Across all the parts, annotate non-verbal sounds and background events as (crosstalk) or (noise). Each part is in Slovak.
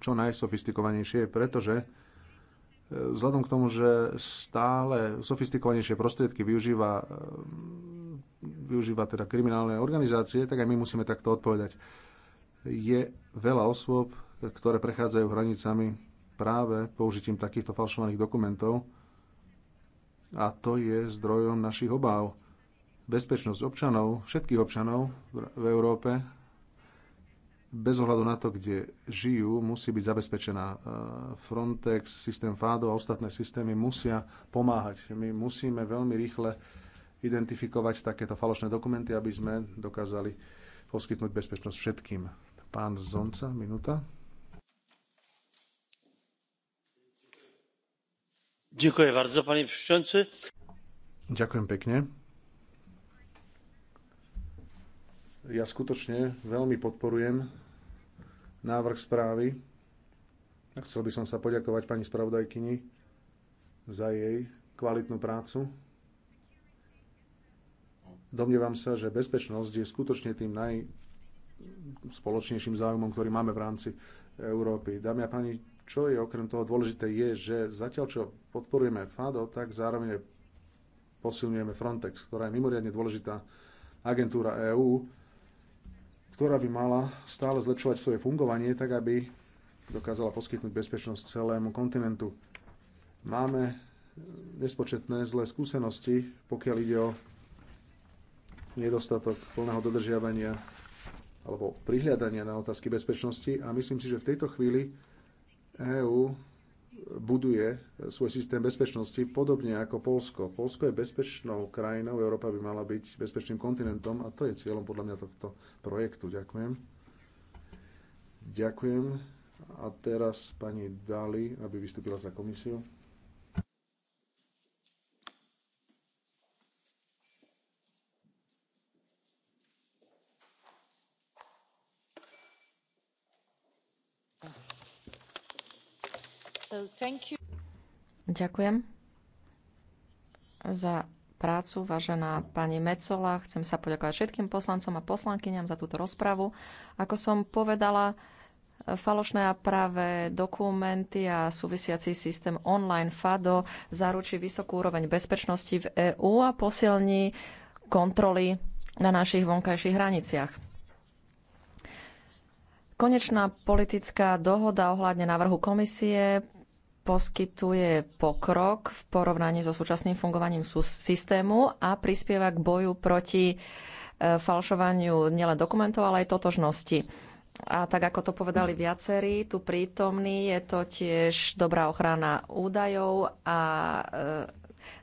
čo najsofistikovanejšie, pretože e, vzhľadom k tomu, že stále sofistikovanejšie prostriedky využíva, e, využíva teda kriminálne organizácie, tak aj my musíme takto odpovedať. Je veľa osôb, ktoré prechádzajú hranicami práve použitím takýchto falšovaných dokumentov a to je zdrojom našich obáv. Bezpečnosť občanov, všetkých občanov v Európe bez ohľadu na to, kde žijú, musí byť zabezpečená. E, Frontex, systém FADO a ostatné systémy musia pomáhať. My musíme veľmi rýchle identifikovať takéto falošné dokumenty, aby sme dokázali poskytnúť bezpečnosť všetkým. Pán Zonca, minúta. Ďakujem bardzo, Ďakujem pekne. ja skutočne veľmi podporujem návrh správy. Chcel by som sa poďakovať pani spravodajkyni za jej kvalitnú prácu. Domnievam sa, že bezpečnosť je skutočne tým najspoločnejším záujmom, ktorý máme v rámci Európy. Dámy a páni, čo je okrem toho dôležité, je, že zatiaľ čo podporujeme FADO, tak zároveň posilňujeme Frontex, ktorá je mimoriadne dôležitá agentúra EÚ, ktorá by mala stále zlepšovať svoje fungovanie, tak aby dokázala poskytnúť bezpečnosť celému kontinentu. Máme nespočetné zlé skúsenosti, pokiaľ ide o nedostatok plného dodržiavania alebo prihľadania na otázky bezpečnosti a myslím si, že v tejto chvíli EÚ buduje svoj systém bezpečnosti podobne ako Polsko. Polsko je bezpečnou krajinou, Európa by mala byť bezpečným kontinentom a to je cieľom podľa mňa tohto projektu. Ďakujem. Ďakujem. A teraz pani Dali, aby vystúpila za komisiu. Ďakujem za prácu, vážená pani Mecola. Chcem sa poďakovať všetkým poslancom a poslankyňam za túto rozpravu. Ako som povedala, falošné a práve dokumenty a súvisiaci systém online FADO zaručí vysokú úroveň bezpečnosti v EÚ a posilní kontroly na našich vonkajších hraniciach. Konečná politická dohoda ohľadne návrhu komisie poskytuje pokrok v porovnaní so súčasným fungovaním systému a prispieva k boju proti e, falšovaniu nielen dokumentov, ale aj totožnosti. A tak ako to povedali viacerí, tu prítomní je to tiež dobrá ochrana údajov a e,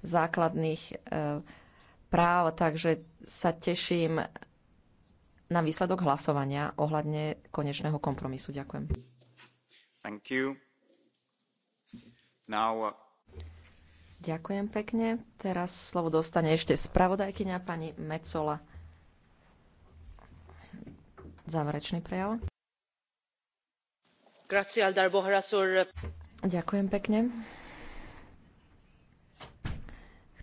základných e, práv, takže sa teším na výsledok hlasovania ohľadne konečného kompromisu. Ďakujem. Thank you. Uh, Ďakujem pekne. Teraz slovo dostane ešte spravodajkyňa pani Mecola. Záverečný prejav. Ďakujem pekne.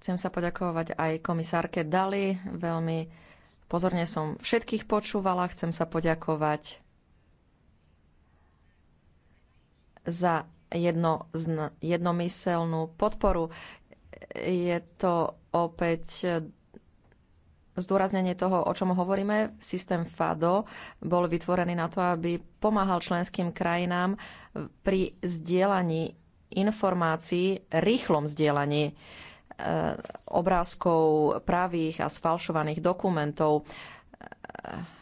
Chcem sa poďakovať aj komisárke Dali. Veľmi pozorne som všetkých počúvala. Chcem sa poďakovať za jedno, jednomyselnú podporu. Je to opäť e, zdôraznenie toho, o čom hovoríme. Systém FADO bol vytvorený na to, aby pomáhal členským krajinám pri zdieľaní informácií, rýchlom zdieľaní e, obrázkov pravých a sfalšovaných dokumentov e,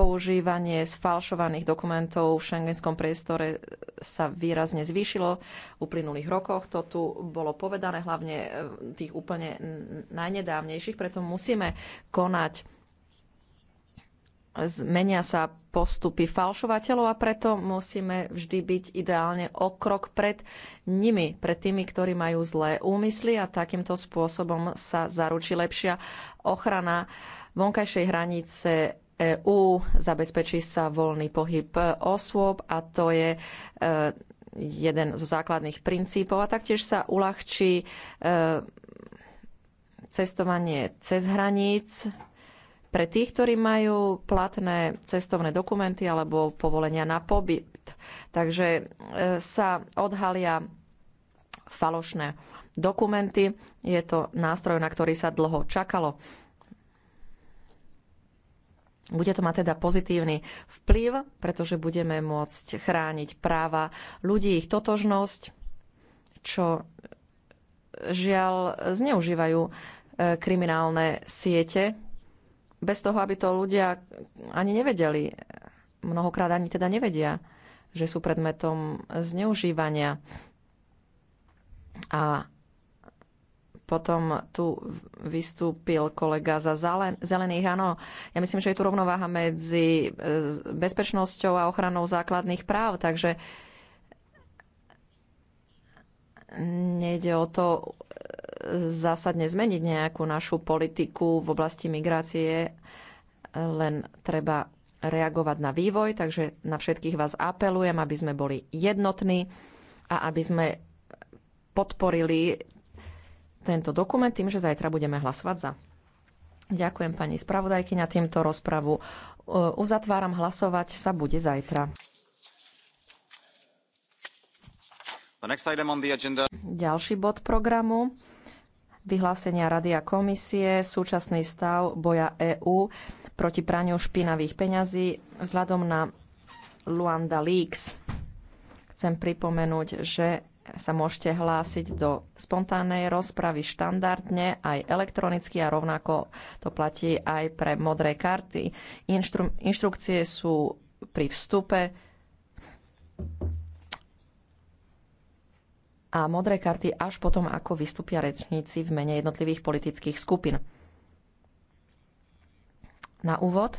používanie sfalšovaných dokumentov v šengenskom priestore sa výrazne zvýšilo v uplynulých rokoch. To tu bolo povedané, hlavne e, tých úplne najnedávnejších, preto musíme konať. Zmenia sa postupy falšovateľov a preto musíme vždy byť ideálne o krok pred nimi, pred tými, ktorí majú zlé úmysly a takýmto spôsobom sa zaručí lepšia ochrana vonkajšej hranice EÚ, zabezpečí sa voľný pohyb osôb a to je e, jeden zo základných princípov a taktiež sa uľahčí e, cestovanie cez hraníc pre tých, ktorí majú platné cestovné dokumenty alebo povolenia na pobyt. Takže e, sa odhalia falošné dokumenty. Je to nástroj, na ktorý sa dlho čakalo. Bude to mať teda pozitívny vplyv, pretože budeme môcť chrániť práva ľudí, ich totožnosť, čo žiaľ zneužívajú e, kriminálne siete, bez toho, aby to ľudia ani nevedeli. Mnohokrát ani teda nevedia, že sú predmetom zneužívania. A potom tu vystúpil kolega za zelených. Áno, ja myslím, že je tu rovnováha medzi e, bezpečnosťou a ochranou základných práv, takže nejde o to e, zásadne zmeniť nejakú našu politiku v oblasti migrácie, len treba reagovať na vývoj, takže na všetkých vás apelujem, aby sme boli jednotní a aby sme podporili tento dokument tým, že zajtra budeme hlasovať za. Ďakujem pani spravodajkyňa, týmto rozpravu e, uzatváram. Hlasovať sa bude zajtra. Ďalší bod programu. Vyhlásenia Rady a komisie, súčasný stav boja EÚ proti praniu špinavých peňazí vzhľadom na Luanda Leaks. Chcem pripomenúť, že sa môžete hlásiť do spontánnej rozpravy štandardne aj elektronicky a rovnako to platí aj pre modré karty. Inštru- inštrukcie sú pri vstupe a modré karty až potom, ako vystúpia rečníci v mene jednotlivých politických skupín. Na úvod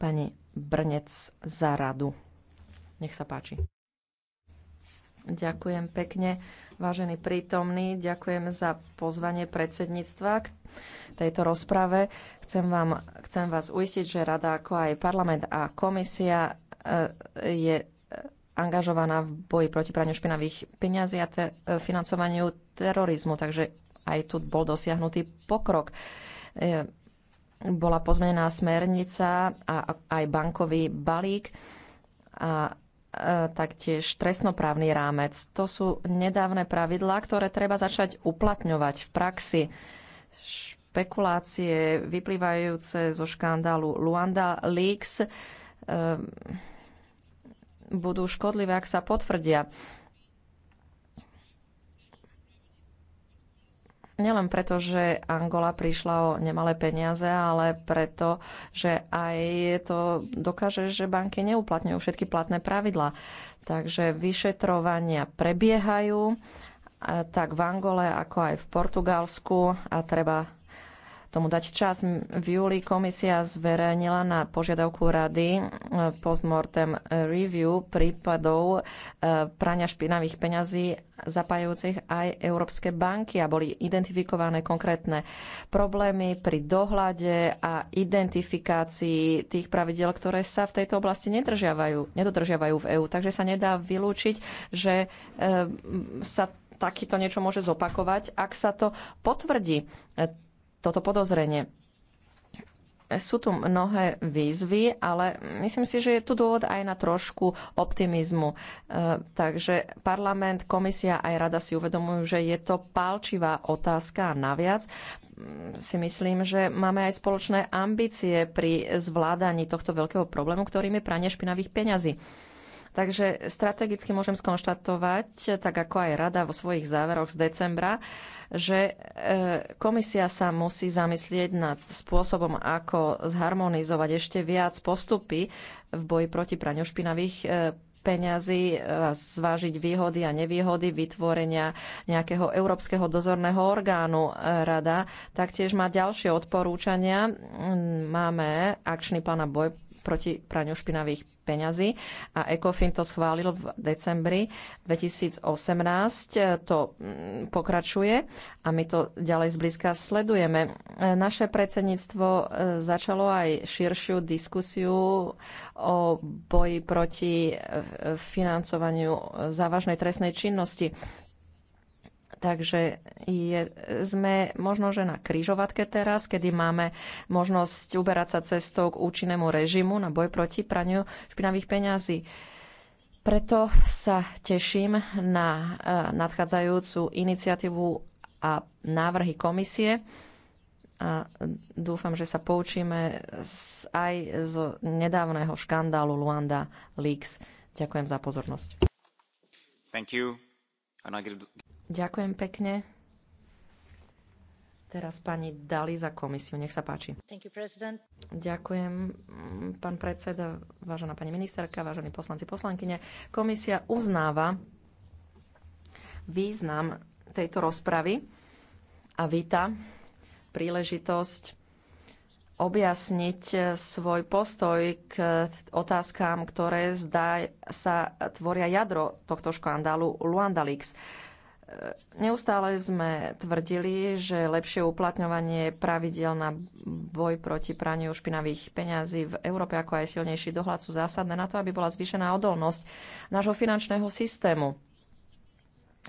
pani Brnec za radu. Nech sa páči. Ďakujem pekne, vážení prítomní, Ďakujem za pozvanie predsedníctva k tejto rozprave. Chcem, vám, chcem vás uistiť, že Rada, ako aj parlament a komisia e, je e, angažovaná v boji proti praniu špinavých peňazí a te, e, financovaniu terorizmu. Takže aj tu bol dosiahnutý pokrok. Bola pozmenená smernica a aj bankový balík. A E, taktiež trestnoprávny rámec. To sú nedávne pravidlá, ktoré treba začať uplatňovať v praxi. Špekulácie vyplývajúce zo škandálu Luanda Leaks e, budú škodlivé, ak sa potvrdia. Nielen preto, že Angola prišla o nemalé peniaze, ale preto, že aj to dokáže, že banky neuplatňujú všetky platné pravidlá. Takže vyšetrovania prebiehajú tak v Angole, ako aj v Portugalsku a treba tomu dať čas. V júli komisia zverejnila na požiadavku rady e, postmortem review prípadov e, prania špinavých peňazí zapájajúcich aj európske banky a boli identifikované konkrétne problémy pri dohľade a identifikácii tých pravidel, ktoré sa v tejto oblasti nedržiavajú, nedodržiavajú v EÚ. Takže sa nedá vylúčiť, že e, sa takýto niečo môže zopakovať, ak sa to potvrdí toto podozrenie. Sú tu mnohé výzvy, ale myslím si, že je tu dôvod aj na trošku optimizmu. E, takže parlament, komisia aj rada si uvedomujú, že je to pálčivá otázka a naviac mm, si myslím, že máme aj spoločné ambície pri zvládaní tohto veľkého problému, ktorým je pranie špinavých peňazí. Takže strategicky môžem skonštatovať, tak ako aj rada vo svojich záveroch z decembra, že e, komisia sa musí zamyslieť nad spôsobom, ako zharmonizovať ešte viac postupy v boji proti praňu špinavých e, peňazí, zvážiť výhody a nevýhody vytvorenia nejakého európskeho dozorného orgánu e, rada. Taktiež má ďalšie odporúčania. Máme akčný plán na boj proti praniu špinavých peňazí a ECOFIN to schválil v decembri 2018. To mm, pokračuje a my to ďalej zblízka sledujeme. Naše predsedníctvo e, začalo aj širšiu diskusiu o boji proti e, financovaniu e, závažnej trestnej činnosti. Takže je, sme možno, že na kryžovatke teraz, kedy máme možnosť uberať sa cestou k účinnému režimu na boj proti praniu špinavých peňazí. Preto sa teším na e, nadchádzajúcu iniciatívu a návrhy komisie a dúfam, že sa poučíme aj z nedávneho škandálu Luanda Leaks. Ďakujem za pozornosť. Thank you. Ďakujem pekne. Teraz pani Dali za komisiu. Nech sa páči. You, Ďakujem, pán predseda, vážená pani ministerka, vážení poslanci, poslankyne. Komisia uznáva význam tejto rozpravy a víta príležitosť objasniť svoj postoj k otázkám, ktoré zdá sa tvoria jadro tohto škandálu Luanda Leaks. Neustále sme tvrdili, že lepšie uplatňovanie pravidel na boj proti praniu špinavých peňazí v Európe, ako aj silnejší dohľad sú zásadné na to, aby bola zvýšená odolnosť nášho finančného systému.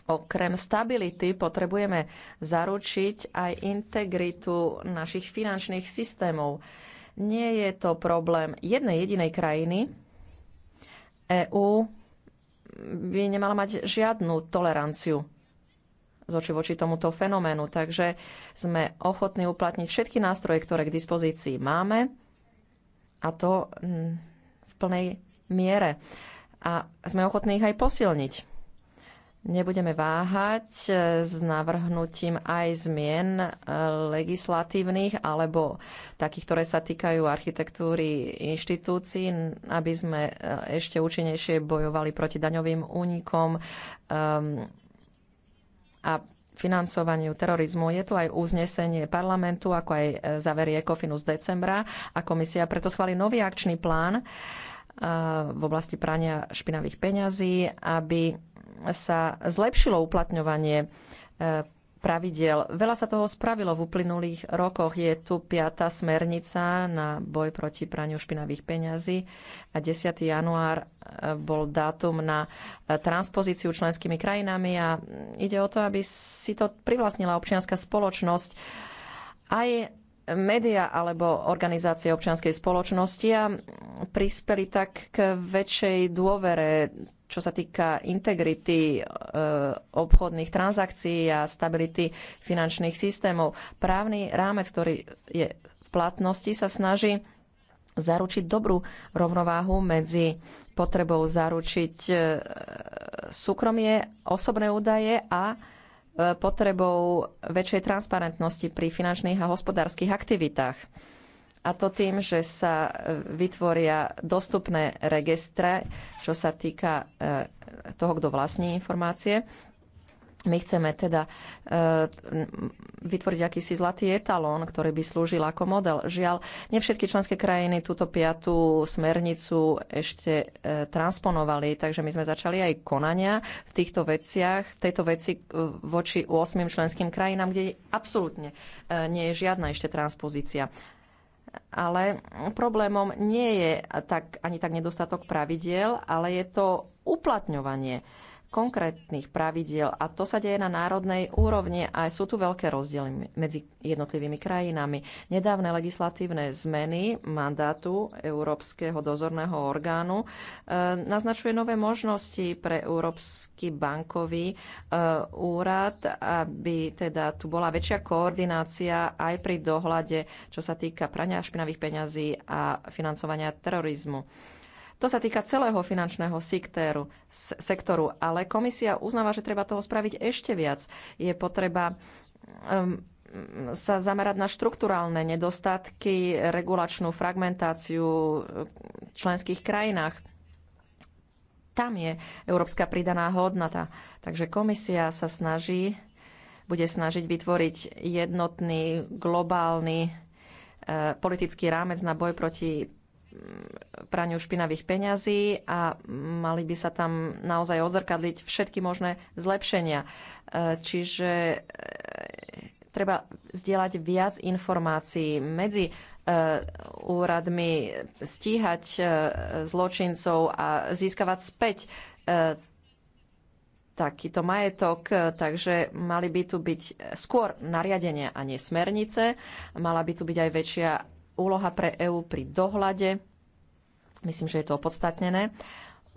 Okrem stability potrebujeme zaručiť aj integritu našich finančných systémov. Nie je to problém jednej jedinej krajiny. EÚ by nemala mať žiadnu toleranciu z oči voči tomuto fenoménu. Takže sme ochotní uplatniť všetky nástroje, ktoré k dispozícii máme a to mm, v plnej miere. A sme ochotní ich aj posilniť. Nebudeme váhať e, s navrhnutím aj zmien e, legislatívnych alebo takých, ktoré sa týkajú architektúry inštitúcií, aby sme e, ešte účinnejšie bojovali proti daňovým únikom, um, a financovaniu terorizmu. Je tu aj uznesenie parlamentu, ako aj e, závery Ecofinu z decembra a komisia preto schváli nový akčný plán e, v oblasti prania špinavých peňazí, aby sa zlepšilo uplatňovanie e, pravidiel. Veľa sa toho spravilo v uplynulých rokoch. Je tu piata smernica na boj proti praniu špinavých peňazí a 10. január e, bol dátum na e, transpozíciu členskými krajinami a ide o to, aby si to privlastnila občianská spoločnosť aj média alebo organizácie občianskej spoločnosti a prispeli tak k väčšej dôvere čo sa týka integrity e, obchodných transakcií a stability finančných systémov. Právny rámec, ktorý je v platnosti, sa snaží zaručiť dobrú rovnováhu medzi potrebou zaručiť e, súkromie, osobné údaje a e, potrebou väčšej transparentnosti pri finančných a hospodárskych aktivitách. A to tým, že sa e, vytvoria dostupné registre, čo sa týka e, toho, kto vlastní informácie. My chceme teda e, vytvoriť akýsi zlatý etalón, ktorý by slúžil ako model. Žiaľ, nie všetky členské krajiny túto piatú smernicu ešte transponovali, takže my sme začali aj konania v týchto veciach, v tejto veci voči 8 členským krajinám, kde absolútne nie je žiadna ešte transpozícia ale problémom nie je tak, ani tak nedostatok pravidiel, ale je to uplatňovanie konkrétnych pravidiel a to sa deje na národnej úrovni a sú tu veľké rozdiely medzi jednotlivými krajinami. Nedávne legislatívne zmeny mandátu Európskeho dozorného orgánu e, naznačuje nové možnosti pre Európsky bankový e, úrad, aby teda tu bola väčšia koordinácia aj pri dohľade, čo sa týka prania špinavých peňazí a financovania terorizmu to sa týka celého finančného sektéru, sektoru, ale komisia uznáva, že treba toho spraviť ešte viac. Je potreba um, sa zamerať na štruktúralne nedostatky, regulačnú fragmentáciu v um, členských krajinách. Tam je európska pridaná hodnota. Takže komisia sa snaží, bude snažiť vytvoriť jednotný globálny uh, politický rámec na boj proti Mm, praniu špinavých peňazí a mali by sa tam naozaj odzrkadliť všetky možné zlepšenia. E, čiže e, treba zdieľať viac informácií medzi e, úradmi, stíhať zločincov a získavať späť takýto majetok, takže mali by tu byť skôr nariadenia a nie smernice, mala by tu byť aj väčšia úloha pre EÚ pri dohľade. Myslím, že je to opodstatnené.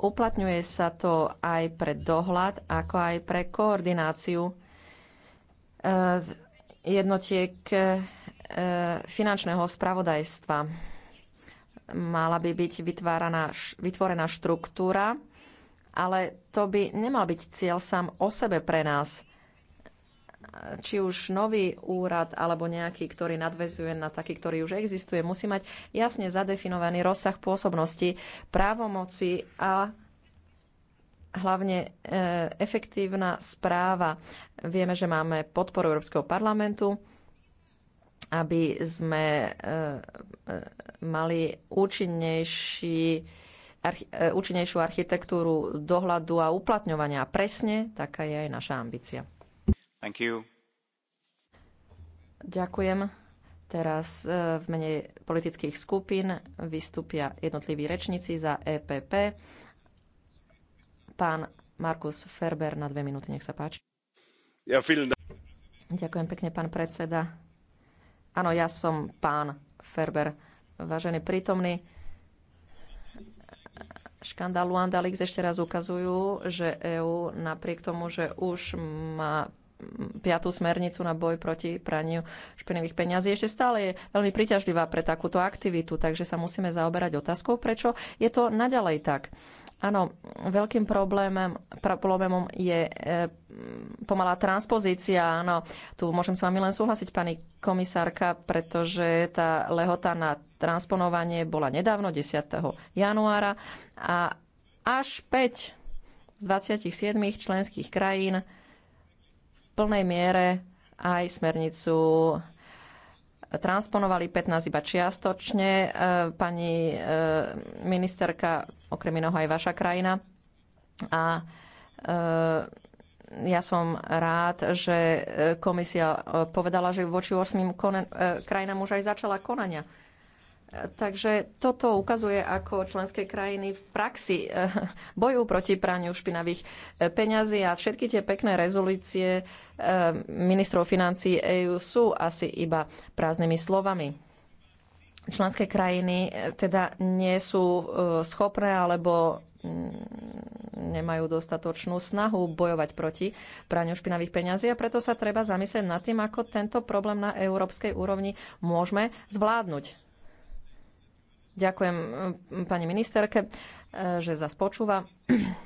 Uplatňuje sa to aj pre dohľad, ako aj pre koordináciu eh, jednotiek eh, finančného spravodajstva. Mala by byť vytvorená štruktúra, ale to by nemal byť cieľ sám o sebe pre nás či už nový úrad alebo nejaký, ktorý nadvezuje na taký, ktorý už existuje, musí mať jasne zadefinovaný rozsah pôsobnosti, právomoci a hlavne e, efektívna správa. Vieme, že máme podporu Európskeho parlamentu, aby sme e, e, mali účinnejší e, účinnejšiu architektúru dohľadu a uplatňovania. Presne taká je aj naša ambícia. Thank you. Ďakujem. Teraz e, v mene politických skupín vystúpia jednotliví rečníci za EPP. Pán Markus Ferber na dve minúty, nech sa páči. Ja, Ďakujem pekne, pán predseda. Áno, ja som pán Ferber. Vážený prítomný, škandál Luanda ešte raz ukazujú, že EÚ napriek tomu, že už má piatú smernicu na boj proti praniu špinavých peňazí. Ešte stále je veľmi príťažlivá pre takúto aktivitu, takže sa musíme zaoberať otázkou, prečo je to naďalej tak. Áno, veľkým problémom, problémom je e, pomalá transpozícia. Áno, tu môžem s vami len súhlasiť, pani komisárka, pretože tá lehota na transponovanie bola nedávno, 10. januára. A až 5 z 27 členských krajín plnej miere aj smernicu transponovali 15 iba čiastočne. E, pani e, ministerka, okrem iného aj vaša krajina. A e, ja som rád, že komisia povedala, že voči 8 krajinám už aj začala konania. Takže toto ukazuje, ako členské krajiny v praxi eh, bojujú proti praniu špinavých eh, peňazí a všetky tie pekné rezolúcie eh, ministrov financí EÚ sú asi iba prázdnymi slovami. Členské krajiny teda nie sú schopné alebo mm, nemajú dostatočnú snahu bojovať proti praniu špinavých peňazí a preto sa treba zamyslieť nad tým, ako tento problém na európskej úrovni môžeme zvládnuť Ďakujem eh, pani ministerke, eh, že zás počúva. (clears throat)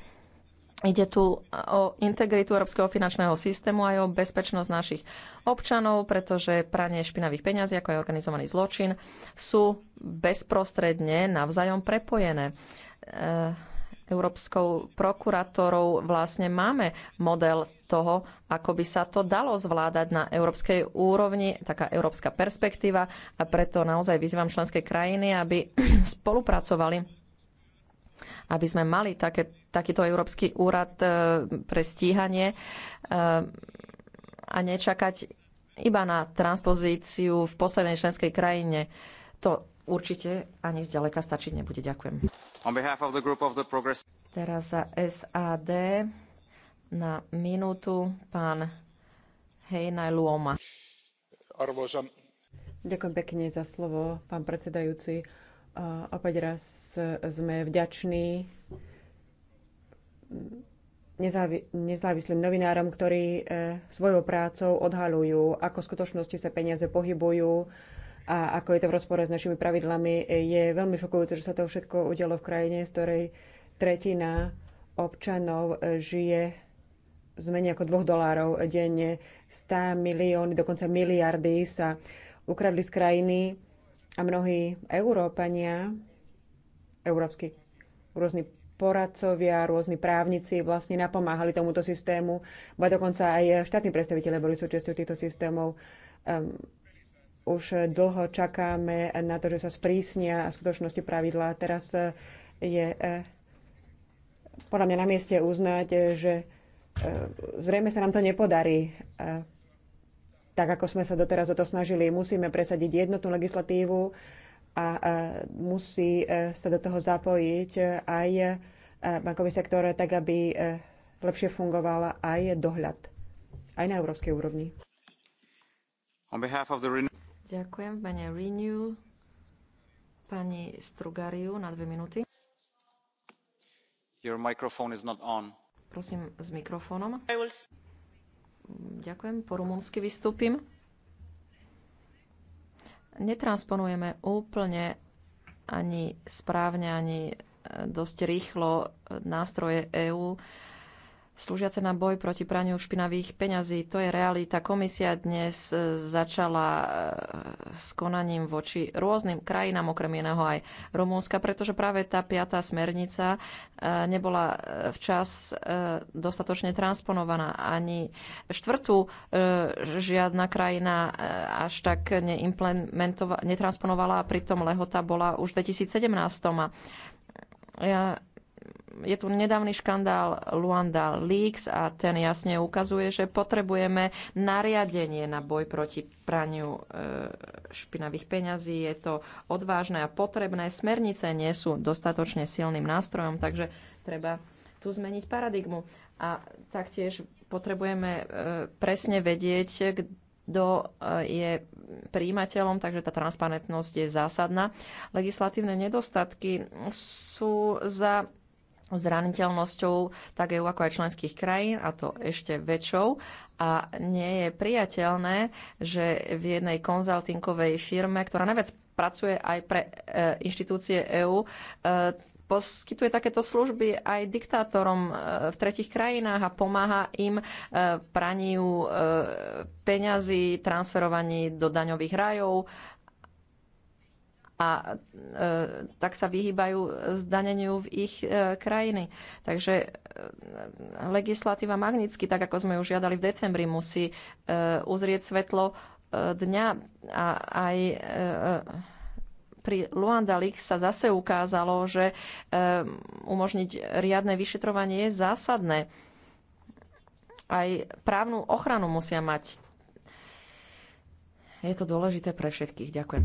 Ide tu o integritu európskeho finančného systému aj o bezpečnosť našich občanov, pretože pranie špinavých peňazí, ako je organizovaný zločin, sú bezprostredne navzájom prepojené. E Európskou prokurátorou vlastne máme model toho, ako by sa to dalo zvládať na európskej úrovni, taká európska perspektíva a preto naozaj vyzývam členské krajiny, aby (clears throat) spolupracovali, aby sme mali také, takýto Európsky úrad e, pre stíhanie e, a nečakať iba na transpozíciu v poslednej členskej krajine. To určite ani zďaleka stačiť nebude. Ďakujem. Progress... Teraz za SAD na minútu pán Hejnaj Luoma. Arvoisa. Ďakujem pekne za slovo, pán predsedajúci. Uh, opäť raz sme vďační nezávi- nezávislým novinárom, ktorí e, svojou prácou odhalujú, ako v skutočnosti sa peniaze pohybujú, a ako je to v rozpore s našimi pravidlami, je veľmi šokujúce, že sa to všetko udialo v krajine, z ktorej tretina občanov žije z menej ako dvoch dolárov denne. 100 milióny, dokonca miliardy sa ukradli z krajiny a mnohí Európania, európsky rôzni poradcovia, rôzni právnici vlastne napomáhali tomuto systému, ba dokonca aj štátni predstaviteľe boli súčasťou týchto systémov. Um, už dlho čakáme na to, že sa sprísnia v skutočnosti pravidlá. Teraz eh, je eh, podľa mňa na mieste uznať, že eh, zrejme sa nám to nepodarí tak, ako sme sa doteraz o to snažili. Musíme presadiť jednotnú legislatívu a musí sa do toho zapojiť aj bankový sektor, tak aby lepšie fungovala aj dohľad, aj na európskej úrovni. On behalf of the Ďakujem. pani mene Renew pani Strugariu na dve minúty. Your microphone is not on. Prosím s mikrofónom. Will... Ďakujem, po rumúnsky vystúpim. Netransponujeme úplne ani správne, ani eh, dosť rýchlo eh, nástroje EÚ slúžiace na boj proti praniu špinavých peňazí. To je realita. Komisia dnes e, začala e, s konaním voči rôznym krajinám, okrem iného aj Rumúnska, pretože práve tá piatá smernica e, nebola včas dostatočne transponovaná. Ani štvrtú žiadna krajina až tak netransponovala a pritom lehota bola už v 2017. A ja je tu nedávny škandál Luanda Leaks a ten jasne ukazuje, že potrebujeme nariadenie na boj proti praniu e, špinavých peňazí. Je to odvážne a potrebné. Smernice nie sú dostatočne silným nástrojom, takže treba tu zmeniť paradigmu. A taktiež potrebujeme e, presne vedieť, kto e, je príjimateľom, takže tá transparentnosť je zásadná. Legislatívne nedostatky sú za zraniteľnosťou tak EU ako aj členských krajín, a to ešte väčšou. A nie je priateľné, že v jednej konzultinkovej firme, ktorá najviac pracuje aj pre e, inštitúcie EÚ, e, poskytuje takéto služby aj diktátorom e, v tretich krajinách a pomáha im e, praniu e, peňazí, transferovaní do daňových rajov a e, tak sa vyhýbajú zdaneniu v ich e, krajiny. Takže e, legislatíva magnicky, tak ako sme ju žiadali v decembri, musí e, uzrieť svetlo e, dňa a aj e, e pri Luanda Leaks sa zase ukázalo, že e, umožniť riadne vyšetrovanie je zásadné. Aj právnu ochranu musia mať. Je to dôležité pre všetkých. Ďakujem.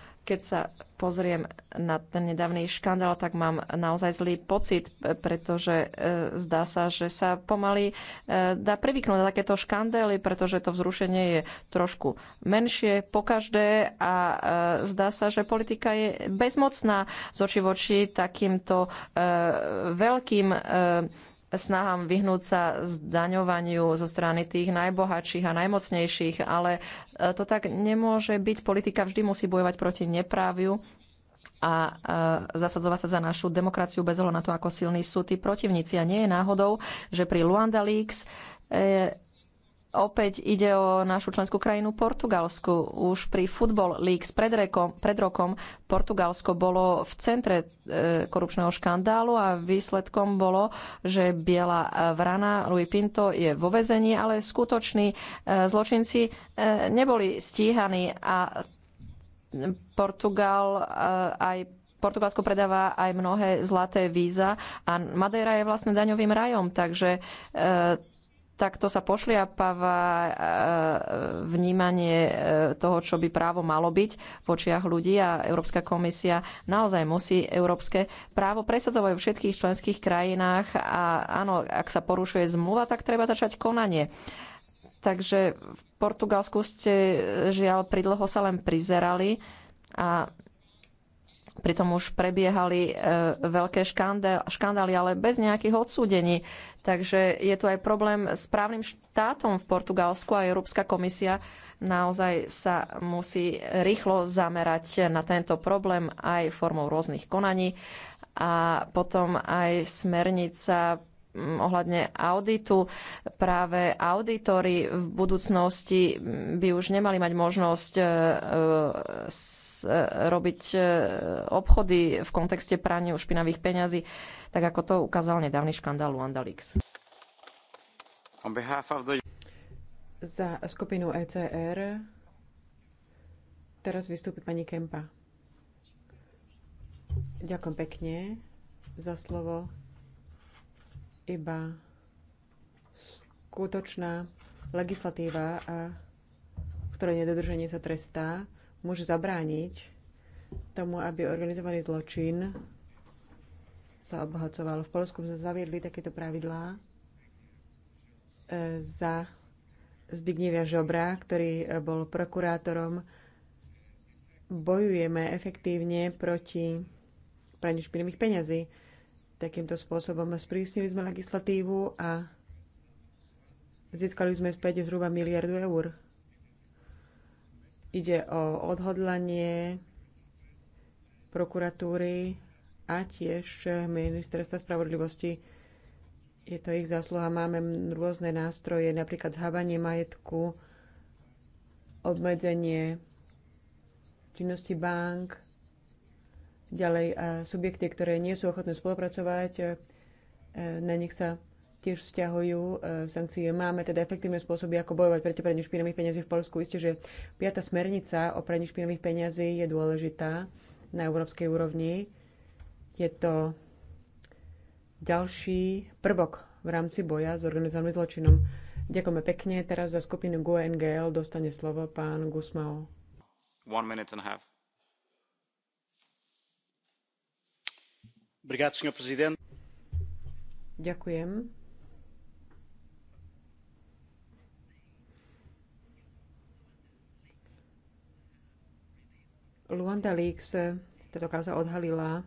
Keď sa pozriem na ten nedávny škandál, tak mám naozaj zlý pocit, pretože e, zdá sa, že sa pomaly e, dá privyknúť na takéto škandály, pretože to vzrušenie je trošku menšie po každé a e, zdá sa, že politika je bezmocná z oči voči takýmto veľkým snahám vyhnúť sa zdaňovaniu zo strany tých najbohatších a najmocnejších, ale e, to tak nemôže byť. Politika vždy musí bojovať proti nepráviu a e, zasadzovať sa za našu demokraciu bez ohľadu na to, ako silní sú tí protivníci. A nie je náhodou, že pri Luanda Leaks e, Opäť ide o našu členskú krajinu Portugalsku. Už pri Football Leaks pred, rekom, pred rokom Portugalsko bolo v centre e, korupčného škandálu a výsledkom bolo, že biela e, vrana Louis Pinto je vo vezení, ale skutoční e, zločinci neboli stíhaní a Portugal aj Portugalsko predáva aj mnohé zlaté víza a Madeira je vlastne daňovým rajom, takže tak to sa pošliapáva eh, vnímanie eh, toho, čo by právo malo byť v očiach ľudí a Európska komisia naozaj musí európske právo presadzovať v všetkých členských krajinách a áno, ak sa porušuje zmluva, tak treba začať konanie. Takže v Portugalsku ste eh, žiaľ pridlho sa len prizerali a Pritom už prebiehali e, veľké škandály, ale bez nejakých odsúdení. Takže je tu aj problém s právnym štátom v Portugalsku a Európska komisia naozaj sa musí rýchlo zamerať na tento problém aj formou rôznych konaní a potom aj smernica ohľadne auditu. Práve auditory v budúcnosti by už nemali mať možnosť e, e, e, robiť obchody v kontexte prania špinavých peňazí, tak ako to ukázal nedávny škandál Luandalix. The... Za skupinu ECR teraz vystúpi pani Kempa. Ďakujem pekne za slovo iba skutočná legislatíva, a ktorej nedodržanie sa trestá, môže zabrániť tomu, aby organizovaný zločin sa obohacoval. V Polsku sa zaviedli takéto pravidlá e, za Zbigniewia Žobra, ktorý e, bol prokurátorom. Bojujeme efektívne proti praniu špinavých peňazí. Takýmto spôsobom sprísnili sme legislatívu a získali sme späť zhruba miliardu eur. Ide o odhodlanie prokuratúry a tiež ministerstva spravodlivosti. Je to ich zásluha. Máme rôzne nástroje, napríklad zhávanie majetku, obmedzenie činnosti bank, Ďalej subjekty, ktoré nie sú ochotné spolupracovať, e, na nich sa tiež vzťahujú e, sankcie. Máme teda efektívne spôsoby, ako bojovať proti praniu špinavých peniazí v Polsku. Isté, že piata smernica o praniu špinavých peniazí je dôležitá na európskej úrovni. Je to ďalší prvok v rámci boja s organizovaným zločinom. Ďakujeme pekne. Teraz za skupinu GUNGL dostane slovo pán Gusmao. One minute and a half. Ďakujem. Luanda Leaks, táto teda kauza odhalila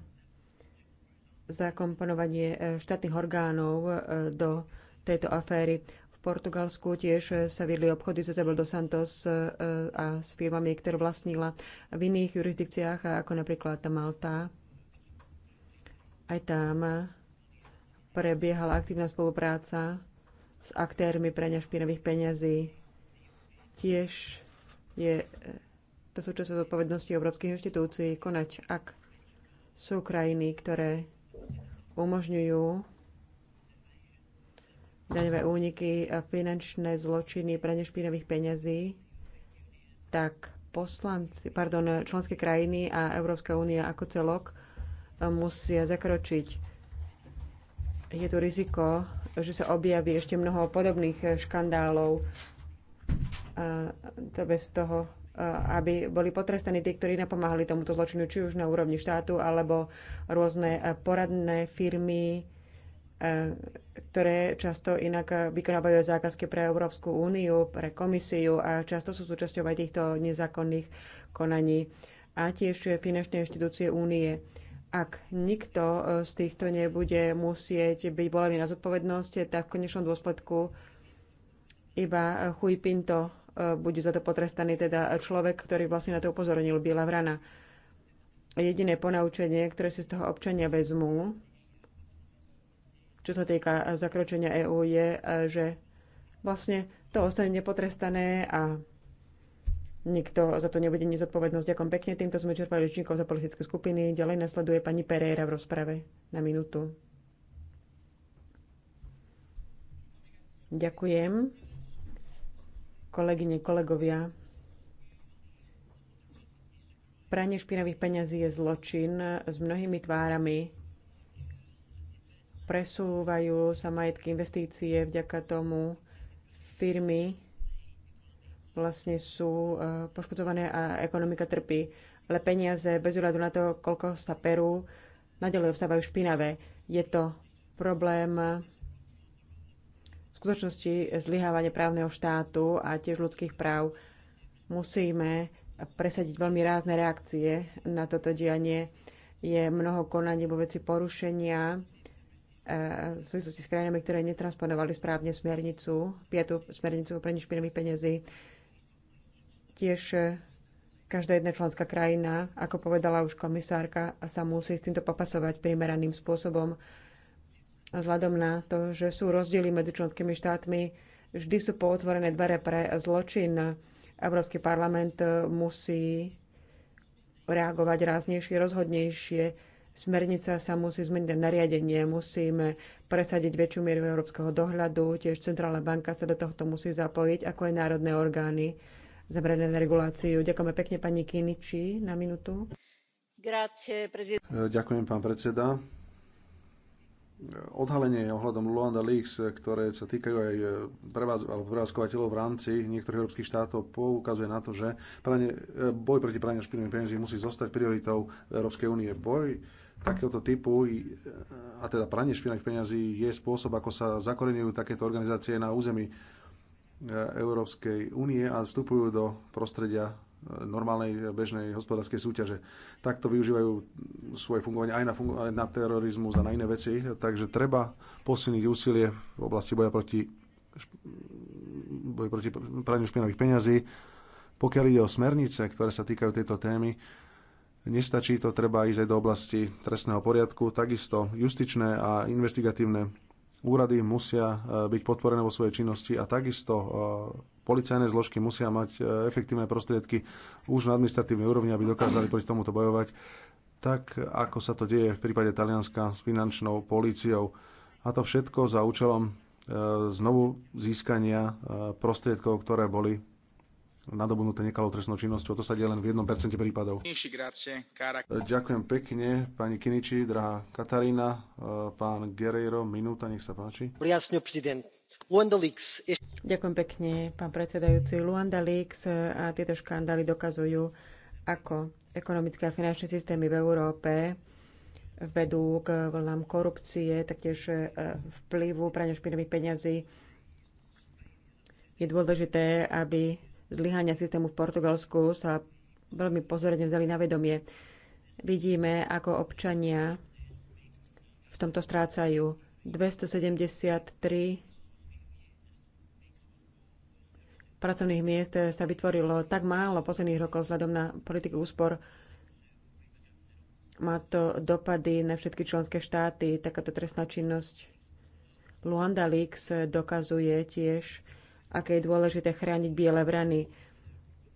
zakomponovanie e, štátnych orgánov e, do tejto aféry. V Portugalsku tiež sa viedli obchody s Isabel dos Santos e, a s firmami, ktoré vlastnila v iných jurisdikciách, ako napríklad Malta aj tam prebiehala aktívna spolupráca s aktérmi prania špinavých peňazí. Tiež je eh, to súčasť odpovednosti európskych inštitúcií konať, ak sú krajiny, ktoré umožňujú daňové úniky a finančné zločiny pre špinavých peňazí, tak poslanci, pardon, členské krajiny a Európska únia ako celok musia zakročiť. Je tu riziko, že sa objaví ešte mnoho podobných eh, škandálov, a to bez toho, eh, aby boli potrestaní tí, ktorí napomáhali tomuto zločinu, či už na úrovni štátu, alebo rôzne eh, poradné firmy, ktoré často inak vykonávajú zákazky pre Európsku úniu, pre komisiu a často sú súčasťou aj týchto nezákonných konaní a tiež finančné inštitúcie únie. Ak nikto e, z týchto nebude musieť byť volený na zodpovednosť, tak v konečnom dôsledku iba e, Chuj Pinto e, bude za to potrestaný, teda človek, ktorý vlastne na to upozornil Biela vrana. Jediné ponaučenie, ktoré si z toho občania vezmú, čo sa týka zakročenia EÚ, je, že vlastne to ostane nepotrestané a nikto za to nebude nezodpovednosť. Ďakujem pekne, týmto sme čerpali rečníkov za politické skupiny. Ďalej nasleduje pani Pereira v rozprave na minútu. Ďakujem. Kolegyne, kolegovia. Pranie špinavých peňazí je zločin s mnohými tvárami. Presúvajú sa majetky investície vďaka tomu firmy vlastne sú e, poškodované a ekonomika trpí. Ale peniaze, bez hľadu na to, koľko sa perú, nadalej ostávajú špinavé. Je to problém e, v skutočnosti zlyhávania právneho štátu a tiež ľudských práv. Musíme presadiť veľmi rázne reakcie na toto dianie. Je mnoho konaní vo veci porušenia e, v súvislosti s krajinami, ktoré netransponovali správne smernicu, piatú smernicu o praní špinavých peniazí. Tiež e, každá jedna členská krajina, ako povedala už komisárka, sa musí s týmto popasovať primeraným spôsobom. Vzhľadom na to, že sú rozdiely medzi členskými štátmi, vždy sú pootvorené dvere pre zločin. Európsky parlament e, musí reagovať ráznejšie, rozhodnejšie. Smernica sa musí zmeniť na nariadenie, musíme presadiť väčšiu mieru európskeho dohľadu, tiež Centrálna banka sa do tohto musí zapojiť, ako aj národné orgány zamerané na reguláciu. Ďakujeme pekne pani Kiniči na minútu. E, ďakujem, pán predseda. E, odhalenie ohľadom Luanda Leaks, ktoré sa týkajú aj e, prevádzkovateľov v rámci niektorých európskych štátov, poukazuje na to, že pranie, boj proti praniu špinavých peniazí musí zostať prioritou Európskej únie. Boj takéhoto typu, a teda pranie špinavých peniazí, je spôsob, ako sa zakorenujú takéto organizácie na území E, Európskej únie a vstupujú do prostredia e, normálnej bežnej hospodárskej súťaže. Takto využívajú svoje fungovanie aj na, fungo- aj na terorizmus a na iné veci, takže treba posilniť úsilie v oblasti boja proti, boja proti praniu špinavých peňazí. Pokiaľ ide o smernice, ktoré sa týkajú tejto témy, nestačí to, treba ísť aj do oblasti trestného poriadku, takisto justičné a investigatívne Úrady musia e, byť podporené vo svojej činnosti a takisto e, policajné zložky musia mať e, efektívne prostriedky už na administratívnej úrovni, aby dokázali proti tomuto bojovať, tak ako sa to deje v prípade Talianska s finančnou políciou. A to všetko za účelom znovu získania prostriedkov, ktoré boli nadobudnuté nekalou trestnou činnosťou. To sa deje len v 1% prípadov. Ďakujem pekne, pani Kiniči, drahá Katarína, pán Guerreiro, minúta, nech sa páči. Ďakujem pekne, pán predsedajúci. Luanda Leaks a tieto škandály dokazujú, ako ekonomické a finančné systémy v Európe vedú k vlnám korupcie, taktiež e, vplyvu prania špinavých peňazí. Je dôležité, aby zlyhania systému v Portugalsku sa veľmi pozorne vzali na vedomie. Vidíme, ako občania v tomto strácajú 273 pracovných miest sa vytvorilo tak málo posledných rokov vzhľadom na politiku úspor. Má to dopady na všetky členské štáty, takáto trestná činnosť. Luanda Leaks dokazuje tiež, aké je dôležité chrániť biele vrany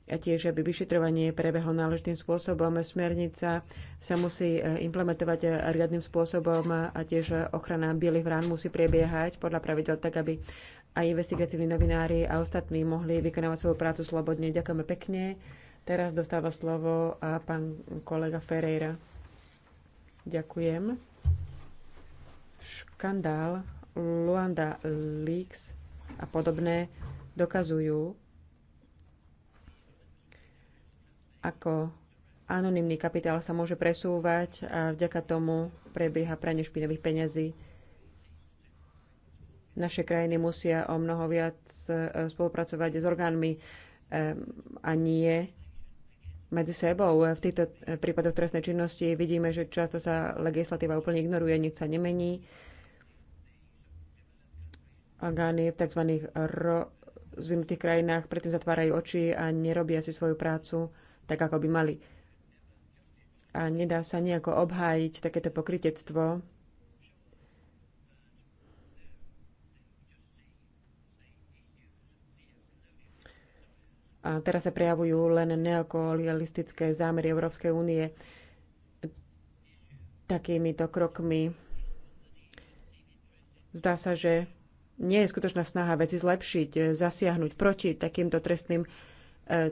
a tiež, aby vyšetrovanie prebehlo náležitým spôsobom. Smernica sa musí e, implementovať e, riadnym spôsobom a tiež e, ochrana bielých vrán musí prebiehať podľa pravidel tak, aby aj investigatívni novinári a ostatní mohli vykonávať svoju prácu slobodne. Ďakujeme pekne. Teraz dostáva slovo a pán kolega Ferreira. Ďakujem. Škandál Luanda Leaks a podobné dokazujú, ako anonimný kapitál sa môže presúvať a vďaka tomu prebieha pranie špinavých peňazí. Naše krajiny musia o mnoho viac e, spolupracovať s orgánmi e, a nie medzi sebou. V týchto e, prípadoch trestnej činnosti vidíme, že často sa legislatíva úplne ignoruje, nič sa nemení orgány v tzv. rozvinutých krajinách predtým zatvárajú oči a nerobia si svoju prácu tak, ako by mali. A nedá sa nejako obhájiť takéto pokritectvo. A teraz sa prejavujú len neokolialistické zámery Európskej únie takýmito krokmi. Zdá sa, že nie je skutočná snaha veci zlepšiť, e, zasiahnuť proti takýmto trestným e,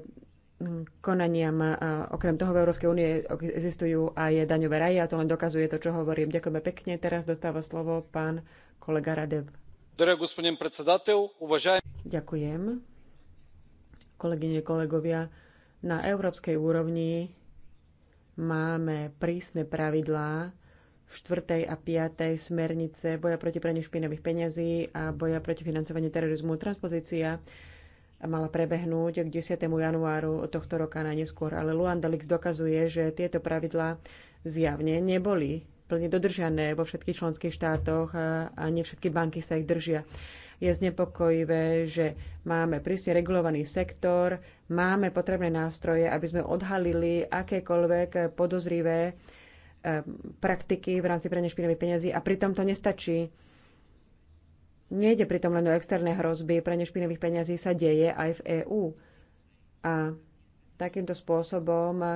konaniam. A okrem toho v Európskej únie existujú aj daňové raje a to len dokazuje to, čo hovorím. Ďakujeme pekne. Teraz dostáva slovo pán kolega Radev. Ďakujem. Kolegyne, kolegovia, na európskej úrovni máme prísne pravidlá, 4. a 5. smernice boja proti praniu špinavých peňazí a boja proti financovaniu terorizmu. Transpozícia mala prebehnúť k 10. januáru tohto roka na neskôr, ale Luanda Lix dokazuje, že tieto pravidlá zjavne neboli plne dodržané vo všetkých členských štátoch a nie všetky banky sa ich držia. Je znepokojivé, že máme prísne regulovaný sektor, máme potrebné nástroje, aby sme odhalili akékoľvek podozrivé praktiky v rámci prania špinavých peniazí a pritom to nestačí. Nejde pritom len o externé hrozby, prania špinavých peniazí sa deje aj v EÚ. A takýmto spôsobom eh,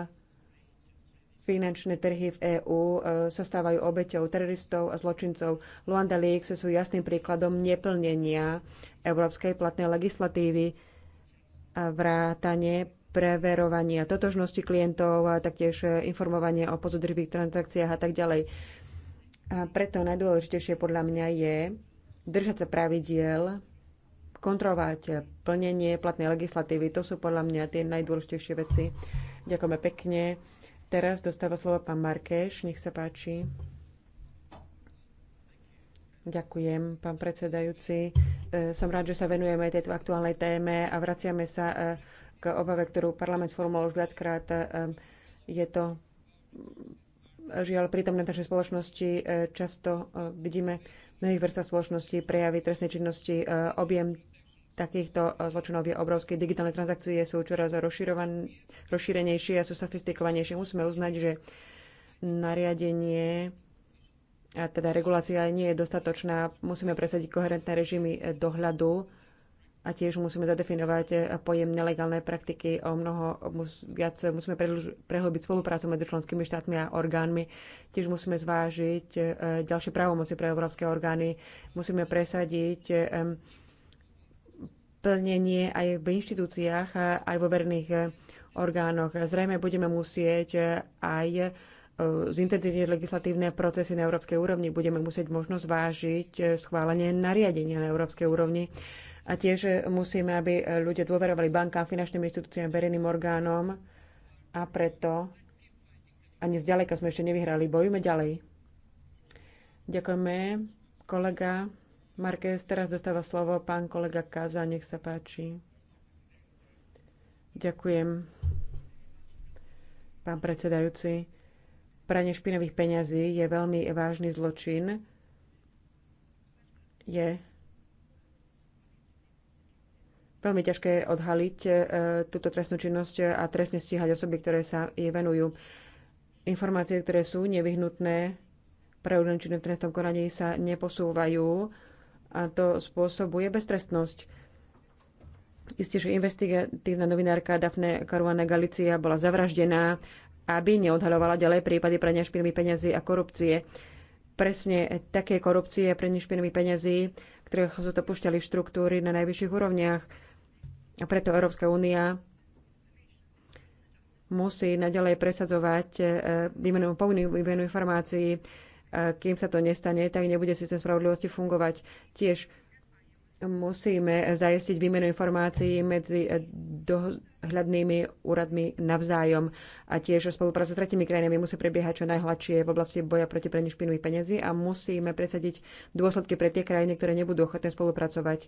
finančné trhy v EÚ eh, sa stávajú obeťou teroristov a zločincov. Luanda Leaks sú jasným príkladom neplnenia európskej platnej legislatívy a vrátanie preverovania totožnosti klientov, a taktiež e, informovanie o pozodrivých transakciách a tak ďalej. A preto najdôležitejšie podľa mňa je držať sa pravidiel, kontrolovať plnenie platnej legislatívy. To sú podľa mňa tie najdôležitejšie veci. Ďakujeme pekne. Teraz dostáva slovo pán Markeš. Nech sa páči. Ďakujem, pán predsedajúci. E, som rád, že sa venujeme tejto aktuálnej téme a vraciame sa e, k obave, ktorú parlament formuloval už viackrát. E, je to e, žiaľ prítomné v našej spoločnosti. E, často vidíme v mnohých vrstách spoločnosti prejavy trestnej činnosti. Objem takýchto zločinov je obrovský. Digitálne transakcie sú čoraz rozšírenejšie a sú sofistikovanejšie. Musíme uznať, že nariadenie a teda regulácia nie je dostatočná. Musíme presadiť koherentné režimy dohľadu a tiež musíme zadefinovať eh, pojem nelegálne praktiky o mnoho mus, viac. Musíme prehlbiť spoluprácu medzi členskými štátmi a orgánmi. Tiež musíme zvážiť eh, ďalšie právomoci pre európske orgány. Musíme presadiť eh, plnenie aj v inštitúciách, aj vo verných orgánoch. Zrejme budeme musieť aj zintenzívne legislatívne procesy na európskej úrovni. Budeme musieť možno zvážiť schválenie nariadenia na európskej úrovni a tiež musíme, aby ľudia dôverovali bankám, finančným inštitúciám, verejným orgánom a preto ani zďaleka sme ešte nevyhrali. Bojujme ďalej. Ďakujeme. Kolega Marquez, teraz dostáva slovo pán kolega Kaza, nech sa páči. Ďakujem. Pán predsedajúci, pranie špinavých peňazí je veľmi vážny zločin. Je veľmi ťažké odhaliť e, túto trestnú činnosť a trestne stíhať osoby, ktoré sa jej venujú. Informácie, ktoré sú nevyhnutné pre určenú v trestnom konaní, sa neposúvajú a to spôsobuje beztrestnosť. Isté, že investigatívna novinárka Dafne Caruana Galicia bola zavraždená, aby neodhalovala ďalej prípady prania špinami peňazí a korupcie. Presne také korupcie a prania špinami peňazí, ktoré sa dopúšťali štruktúry na najvyšších úrovniach a preto Európska únia musí naďalej presadzovať e, výmenu, povinnú výmenu informácií. Kým sa to nestane, tak nebude systém spravodlivosti fungovať. Tiež musíme zajistiť výmenu informácií medzi dohľadnými úradmi navzájom a tiež spolupráca s tretimi krajinami musí prebiehať čo najhladšie v oblasti boja proti praniu špinových peniazy a musíme presadiť dôsledky pre tie krajiny, ktoré nebudú ochotné spolupracovať.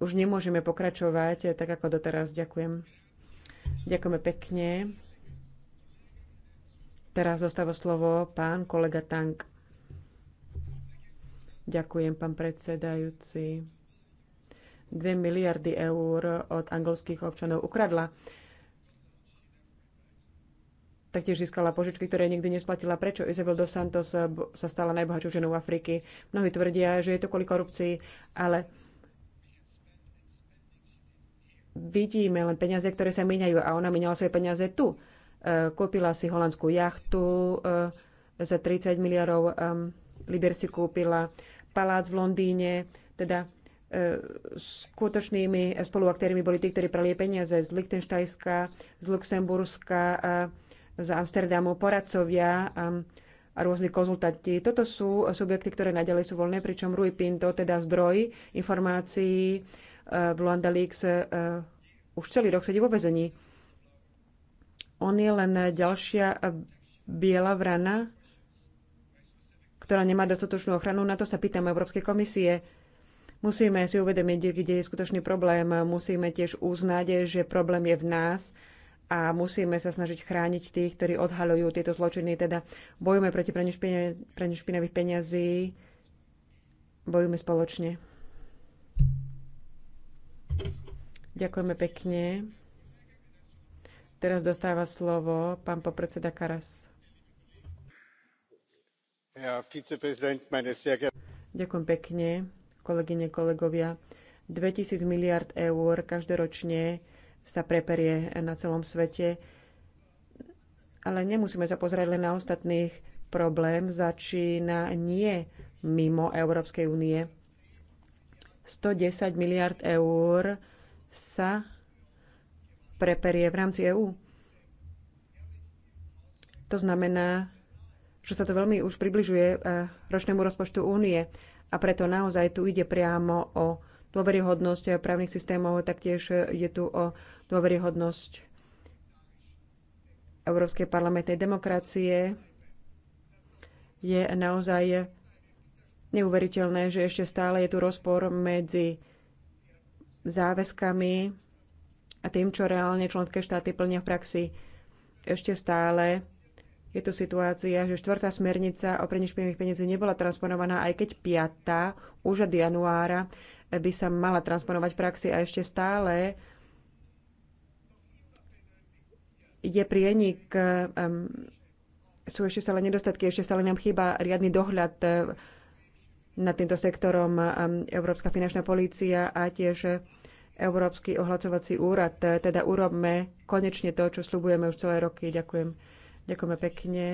Už nemôžeme pokračovať eh, tak ako doteraz. Ďakujem. Ďakujeme pekne. Teraz dostáva slovo pán kolega Tank. Ďakujem, pán predsedajúci. 2 miliardy eur od angolských občanov ukradla. Taktiež získala požičky, ktoré nikdy nesplatila. Prečo Isabel dos Santos sa stala najbohatšou ženou Afriky? Mnohí tvrdia, že je to kvôli korupcii, ale vidíme len peniaze, ktoré sa míňajú a ona míňala svoje peniaze tu. E, kúpila si holandskú jachtu e, za 30 miliarov e, liber si kúpila palác v Londýne, teda skutočnými spoluaktérmi boli tí, ktorí prali peniaze z Lichtenštajska, z Luxemburska, z Amsterdamu, poradcovia a rôzni konzultanti. Toto sú subjekty, ktoré nadalej sú voľné, pričom Rui Pinto, teda zdroj informácií v Luanda Leaks, už celý rok sedí vo vezení. On je len ďalšia biela vrana, ktorá nemá dostatočnú ochranu. Na to sa pýtam Európskej komisie Musíme si uvedomiť, kde je skutočný problém. Musíme tiež uznať, že problém je v nás a musíme sa snažiť chrániť tých, ktorí odhalujú tieto zločiny. Teda bojujeme proti praniu špinavých peňazí, bojujeme spoločne. Ďakujeme pekne. Teraz dostáva slovo pán popredseda Karas. Ja, Ďakujem pekne kolegyne, kolegovia. 2000 miliard eur každoročne sa preperie na celom svete. Ale nemusíme sa pozerať len na ostatných. Problém začína nie mimo Európskej únie. 110 miliard eur sa preperie v rámci EÚ. To znamená, že sa to veľmi už približuje eh, ročnému rozpočtu únie a preto naozaj tu ide priamo o dôveryhodnosť právnych systémov, taktiež je tu o dôveryhodnosť Európskej parlamentnej demokracie. Je naozaj neuveriteľné, že ešte stále je tu rozpor medzi záväzkami a tým, čo reálne členské štáty plnia v praxi. Ešte stále je tu situácia, že štvrtá smernica o prenešpinových peniazí nebola transponovaná, aj keď piatá už od januára by sa mala transponovať v praxi a ešte stále je prienik, um, sú ešte stále nedostatky, ešte stále nám chýba riadny dohľad eh, nad týmto sektorom Európska finančná polícia a tiež Európsky ohlacovací úrad. Teda urobme konečne to, čo slubujeme už celé roky. Ďakujem. Ďakujeme pekne.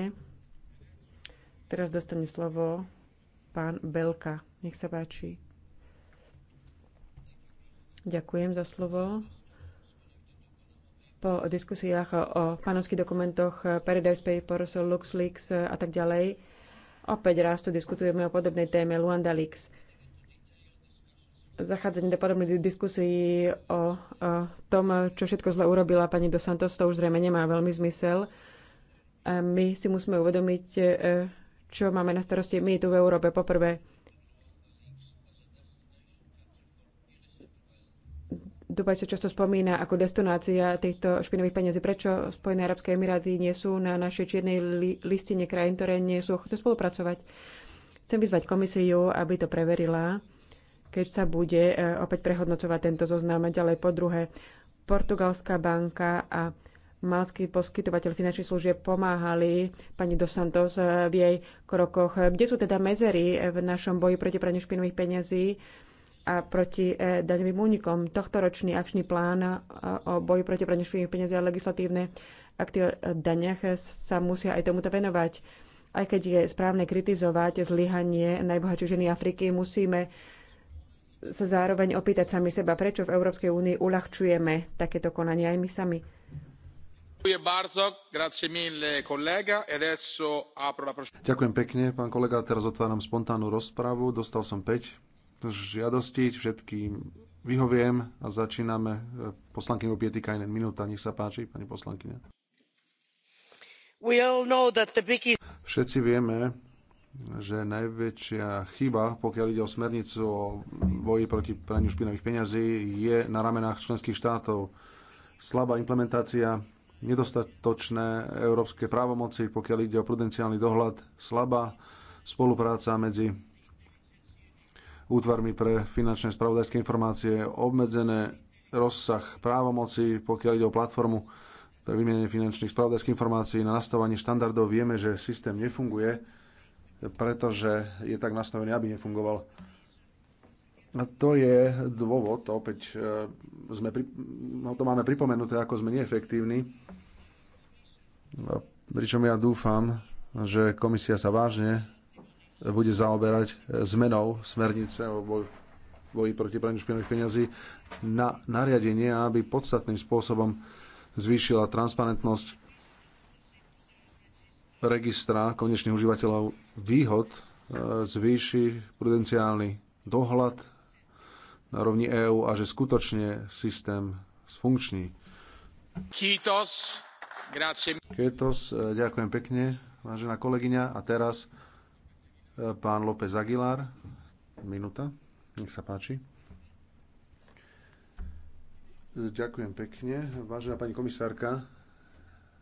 Teraz dostane slovo pán Belka. Nech sa páči. Ďakujem za slovo. Po diskusiách o panovských dokumentoch Paradise Papers, LuxLeaks a tak ďalej, opäť raz tu diskutujeme o podobnej téme Luanda Leaks. Zachádzanie do podobnej diskusii o, o tom, čo všetko zle urobila pani Dosantos, to už zrejme nemá veľmi zmysel my si musíme uvedomiť, e, čo máme na starosti my tu v Európe. Poprvé, Dubaj sa často spomína ako destinácia týchto špinových peniazí. Prečo Spojené arabské emiráty nie sú na našej čiernej li- listine krajín, ktoré nie sú ochotné spolupracovať? Chcem vyzvať komisiu, aby to preverila, keď sa bude e, opäť prehodnocovať tento zoznam. Ďalej po druhé, Portugalská banka a malský poskytovateľ finančných služieb pomáhali pani Dos Santos eh, v jej krokoch. Kde sú teda mezery eh, v našom boji proti praniu špinových peňazí a proti eh, daňovým únikom? ročný akčný plán o boji proti praniu špinových peňazí a legislatívne akty o daniach sa musia aj tomuto venovať. Aj keď je správne kritizovať zlyhanie najbohatšej ženy Afriky, musíme sa zároveň opýtať sami seba, prečo v Európskej únii uľahčujeme takéto konanie aj my sami. E e Ďakujem pekne, pán kolega. Teraz otváram spontánnu rozpravu. Dostal som 5 žiadostí, všetkým vyhoviem a začíname poslankyňou Pietikajnen, Minúta, nech sa páči, pani poslankyňa. Všetci vieme, že najväčšia chyba, pokiaľ ide o smernicu o boji proti praniu špinavých peňazí, je na ramenách členských štátov. Slabá implementácia nedostatočné európske právomoci, pokiaľ ide o prudenciálny dohľad, slabá spolupráca medzi útvarmi pre finančné spravodajské informácie, obmedzené rozsah právomoci, pokiaľ ide o platformu pre vymenenie finančných spravodajských informácií na nastavanie štandardov. Vieme, že systém nefunguje, pretože je tak nastavený, aby nefungoval a to je dôvod, opäť e, sme pri, no to máme pripomenuté, ako sme neefektívni. Pričom ja dúfam, že komisia sa vážne bude zaoberať e, zmenou smernice o boj, boji proti praniu špinavých peňazí na nariadenie, aby podstatným spôsobom zvýšila transparentnosť registra konečných užívateľov výhod, e, zvýši prudenciálny dohľad na rovni EÚ a že skutočne systém sfunkční. Kytos, Kytos, e, ďakujem pekne, vážená kolegyňa. A teraz e, pán López Aguilar. Minúta, nech sa páči. Ďakujem pekne. Vážená pani komisárka,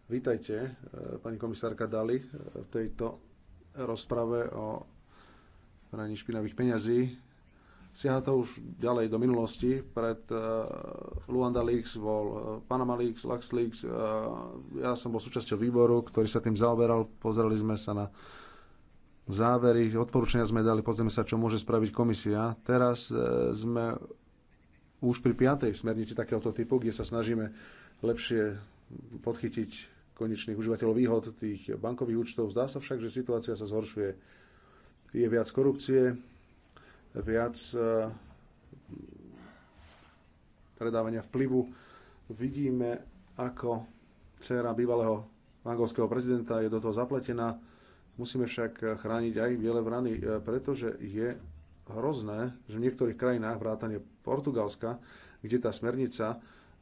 vítajte, e, pani komisárka Dali, v tejto rozprave o praní špinavých peňazí Siaha to už ďalej do minulosti. Pred eh, Luanda Leaks bol eh, Panama Leaks, Lux Leaks. Eh, ja som bol súčasťou výboru, ktorý sa tým zaoberal. Pozreli sme sa na závery, odporúčania sme dali, pozrieme sa, čo môže spraviť komisia. Teraz sme už pri piatej smernici takéhoto typu, kde sa snažíme lepšie podchytiť konečných užívateľov výhod tých bankových účtov. Zdá sa však, že situácia sa zhoršuje. Je viac korupcie, viac eh, predávania vplyvu. Vidíme, ako dcera bývalého angolského prezidenta je do toho zapletená. Musíme však chrániť aj biele vrany, eh, pretože je hrozné, že v niektorých krajinách, vrátane Portugalska, kde tá smernica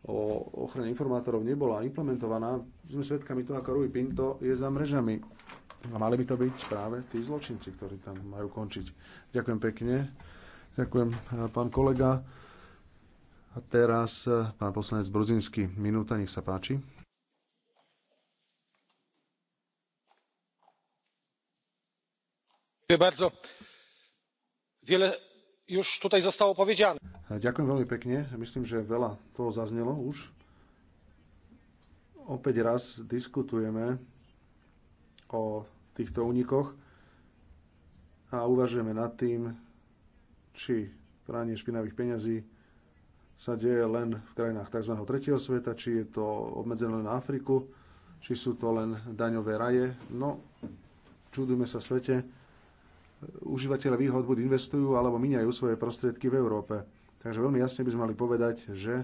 o ochrane informátorov nebola implementovaná, sme svedkami toho, ako Rui Pinto je za mrežami a mali by to byť práve tí zločinci, ktorí tam majú končiť. Ďakujem pekne. Ďakujem, eh, pán kolega. A teraz eh, pán poslanec Brzinský. Minúta, nech sa páči. Viele už tutaj zostalo povedané. Eh, ďakujem veľmi pekne. Myslím, že veľa toho zaznelo už. Opäť raz diskutujeme o týchto únikoch a uvažujeme nad tým, či pranie špinavých peňazí sa deje len v krajinách tzv. tretieho sveta, či je to obmedzené len na Afriku, či sú to len daňové raje. No, čudujme sa svete. Užívateľe výhod buď investujú, alebo miniajú svoje prostriedky v Európe. Takže veľmi jasne by sme mali povedať, že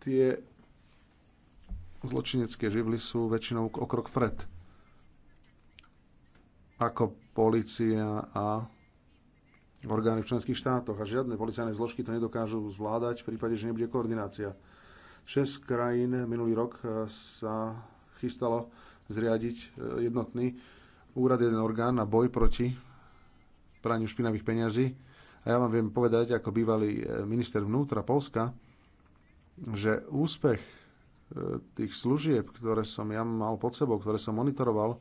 tie zločinecké živly sú väčšinou o krok vpred ako policia a orgány v členských štátoch a žiadne policajné zložky to nedokážu zvládať v prípade, že nebude koordinácia. Šesť krajín minulý rok eh, sa chystalo zriadiť eh, jednotný úrad, jeden orgán na boj proti praniu špinavých peňazí. A ja vám viem povedať, ako bývalý eh, minister vnútra Polska, že úspech tých služieb, ktoré som ja mal pod sebou, ktoré som monitoroval,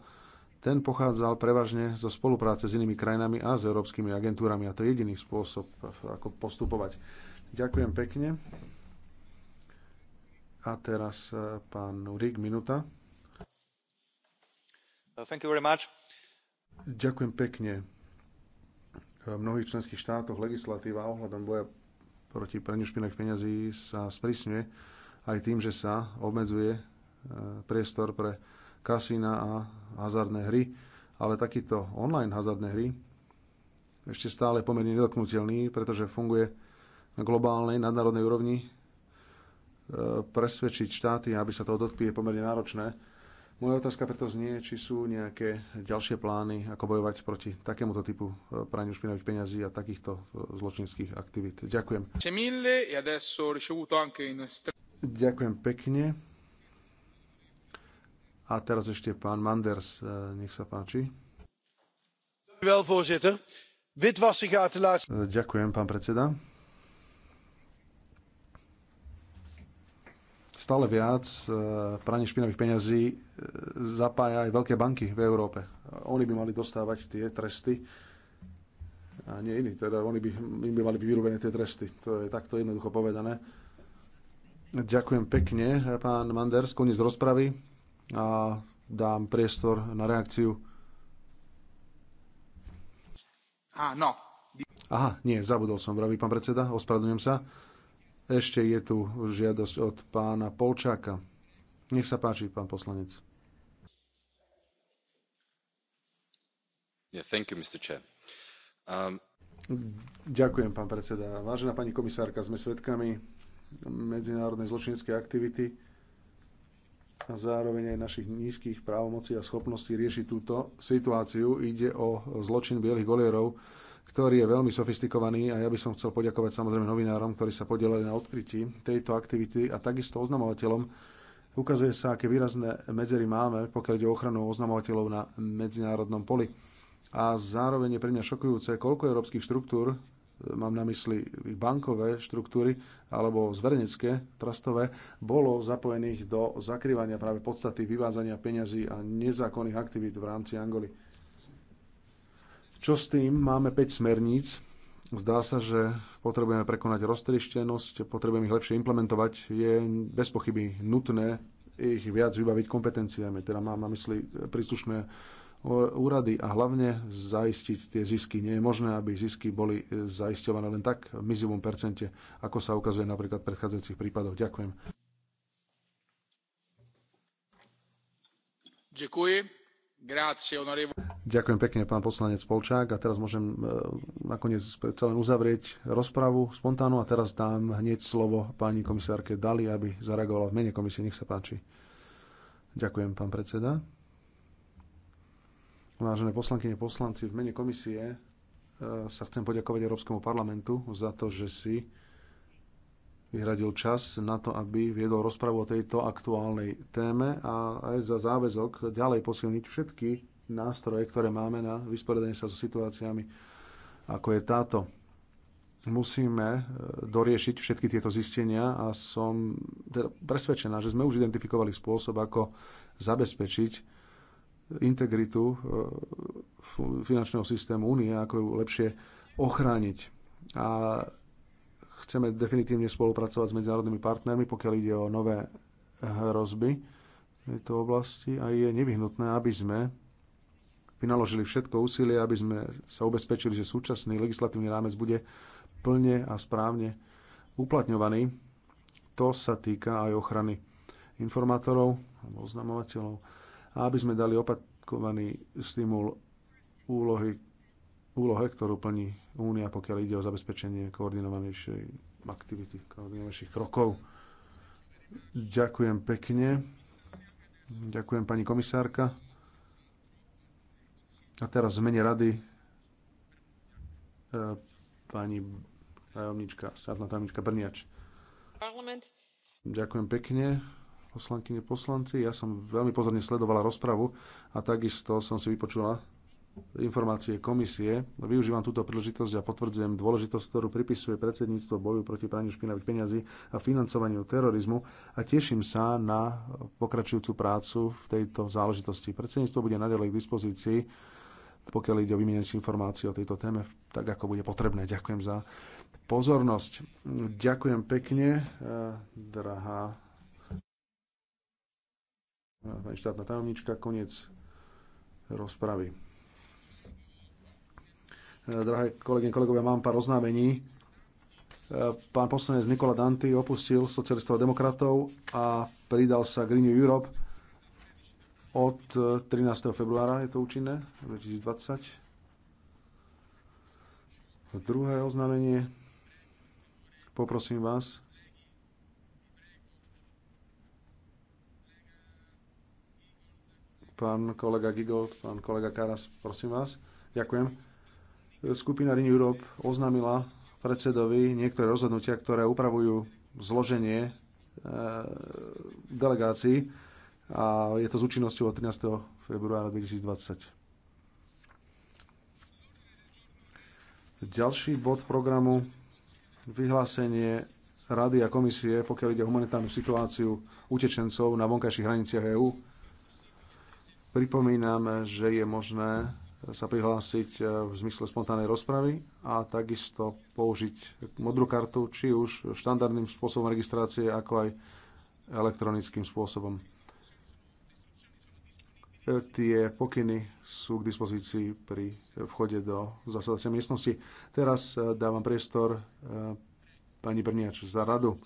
ten pochádzal prevažne zo spolupráce s inými krajinami a s európskymi agentúrami a to je jediný spôsob, ako postupovať. Ďakujem pekne. A teraz eh, pán Rík, minúta. Uh, thank you very much. Ďakujem pekne. V mnohých členských štátoch legislatíva ohľadom boja proti praniu špinavých peňazí sa sprísňuje aj tým, že sa obmedzuje eh, priestor pre kasína a hazardné hry, ale takýto online hazardné hry ešte stále pomerne nedotknutelný, pretože funguje na globálnej, nadnárodnej úrovni. E, presvedčiť štáty, aby sa toho dotkli, je pomerne náročné. Moja otázka preto znie, či sú nejaké ďalšie plány, ako bojovať proti takémuto typu e, praniu špinavých peňazí a takýchto e, zločinských aktivít. Ďakujem. Ďakujem pekne. A teraz ešte pán Manders, eh, nech sa páči. Eh, ďakujem, pán predseda. Stále viac eh, pranie špinavých peňazí zapája aj veľké banky v Európe. Oni by mali dostávať tie tresty, a nie iní. Teda oni by, im by mali byť vyrobené tie tresty. To je takto jednoducho povedané. Ďakujem pekne, pán Manders. Koniec rozpravy a dám priestor na reakciu. Ah, no. Aha, nie, zabudol som, vraví pán predseda, ospravedlňujem sa. Ešte je tu žiadosť od pána Polčáka. Nech sa páči, pán poslanec. Yeah, thank you, Mr. Chair. Um... Ďakujem, pán predseda. Vážená pani komisárka, sme svedkami medzinárodnej zločineckej aktivity a zároveň aj našich nízkych právomocí a schopností riešiť túto situáciu. Ide o zločin bielých golierov, ktorý je veľmi sofistikovaný a ja by som chcel poďakovať samozrejme novinárom, ktorí sa podielali na odkrytí tejto aktivity a takisto oznamovateľom. Ukazuje sa, aké výrazné medzery máme, pokiaľ ide o ochranu oznamovateľov na medzinárodnom poli. A zároveň je pre mňa šokujúce, koľko európskych štruktúr mám na mysli bankové štruktúry alebo zverenecké, trastové, bolo zapojených do zakrývania práve podstaty vyvádzania peňazí a nezákonných aktivít v rámci Angoly. Čo s tým? Máme 5 smerníc. Zdá sa, že potrebujeme prekonať roztrištenosť, potrebujeme ich lepšie implementovať. Je bez pochyby nutné ich viac vybaviť kompetenciami. Teda mám na mysli príslušné úrady a hlavne zaistiť tie zisky. Nie je možné, aby zisky boli e, zaisťované len tak v mizivom percente, ako sa ukazuje napríklad v predchádzajúcich prípadoch. Ďakujem. Ďakujem. Grazie, Ďakujem pekne, pán poslanec Polčák. A teraz môžem e, nakoniec predsa len uzavrieť rozpravu spontánnu a teraz dám hneď slovo pani komisárke Dali, aby zareagovala v mene komisie. Nech sa páči. Ďakujem, pán predseda. Vážené poslankyne, poslanci, v mene komisie e, sa chcem poďakovať Európskemu parlamentu za to, že si vyhradil čas na to, aby viedol rozpravu o tejto aktuálnej téme a aj za záväzok ďalej posilniť všetky nástroje, ktoré máme na vysporiadanie sa so situáciami, ako je táto. Musíme e, doriešiť všetky tieto zistenia a som teda presvedčená, že sme už identifikovali spôsob, ako zabezpečiť integritu e, finančného systému únie, ako ju lepšie ochrániť. A chceme definitívne spolupracovať s medzinárodnými partnermi, pokiaľ ide o nové hrozby v tejto oblasti a je nevyhnutné, aby sme vynaložili všetko úsilie, aby sme sa ubezpečili, že súčasný legislatívny rámec bude plne a správne uplatňovaný. To sa týka aj ochrany informátorov alebo oznamovateľov a aby sme dali opakovaný stimul úlohy, úlohe, ktorú plní Únia, pokiaľ ide o zabezpečenie koordinovanejšej aktivity, koordinovanejších krokov. Ďakujem pekne. Ďakujem pani komisárka. A teraz zmene mene rady e, pani tajomnička, štátna tajomnička Brniač. Parlament. Ďakujem pekne poslankyne, poslanci. Ja som veľmi pozorne sledovala rozpravu a takisto som si vypočula informácie komisie. Využívam túto príležitosť a potvrdzujem dôležitosť, ktorú pripisuje predsedníctvo boju proti praniu špinavých peňazí a financovaniu terorizmu a teším sa na pokračujúcu prácu v tejto záležitosti. Predsedníctvo bude nadalej k dispozícii, pokiaľ ide o vymienenie si informácií o tejto téme, tak ako bude potrebné. Ďakujem za pozornosť. Ďakujem pekne, eh, drahá pani štátna tajomnička, koniec rozpravy. E, drahé kolegyne, kolegovia, mám pár oznámení. E, pán poslanec Nikola Danty opustil socialistov a demokratov a pridal sa Green New Europe od 13. E, februára, je to účinné, 2020. Druhé oznámenie. Poprosím vás, Pán kolega Gigold, pán kolega Karas, prosím vás. Ďakujem. Skupina Renew Europe oznámila predsedovi niektoré rozhodnutia, ktoré upravujú zloženie e, delegácií a je to s účinnosťou od 13. februára 2020. Ďalší bod programu vyhlásenie Rady a komisie, pokiaľ ide o humanitárnu situáciu utečencov na vonkajších hraniciach EÚ. Pripomínam, že je možné sa prihlásiť e, v zmysle spontánnej rozpravy a takisto použiť modrú kartu, či už štandardným spôsobom registrácie, ako aj elektronickým spôsobom. E, tie pokyny sú k dispozícii pri vchode do zasadacia miestnosti. Teraz e, dávam priestor pani Brniač za radu.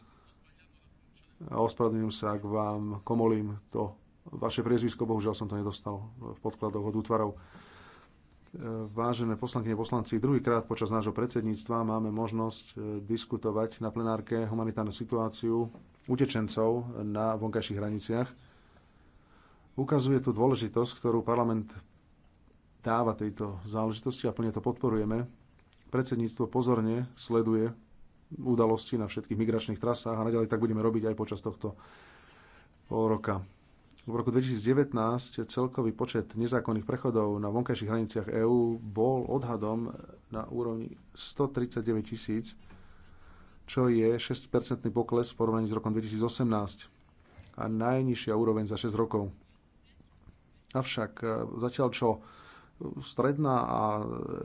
Ospravedlňujem sa, ak vám komolím to Vaše priezvisko, bohužiaľ som to nedostal v podkladoch od útvarov. E, vážené poslankyne, poslanci, druhýkrát počas nášho predsedníctva máme možnosť e, diskutovať na plenárke humanitárnu situáciu utečencov na vonkajších hraniciach. Ukazuje tu dôležitosť, ktorú parlament dáva tejto záležitosti a plne to podporujeme. Predsedníctvo pozorne sleduje udalosti na všetkých migračných trasách a naďalej tak budeme robiť aj počas tohto pol roka. V roku 2019 celkový počet nezákonných prechodov na vonkajších hraniciach EÚ bol odhadom na úrovni 139 tisíc, čo je 6-percentný pokles v porovnaní s rokom 2018 a najnižšia úroveň za 6 rokov. Avšak e, zatiaľ čo stredná a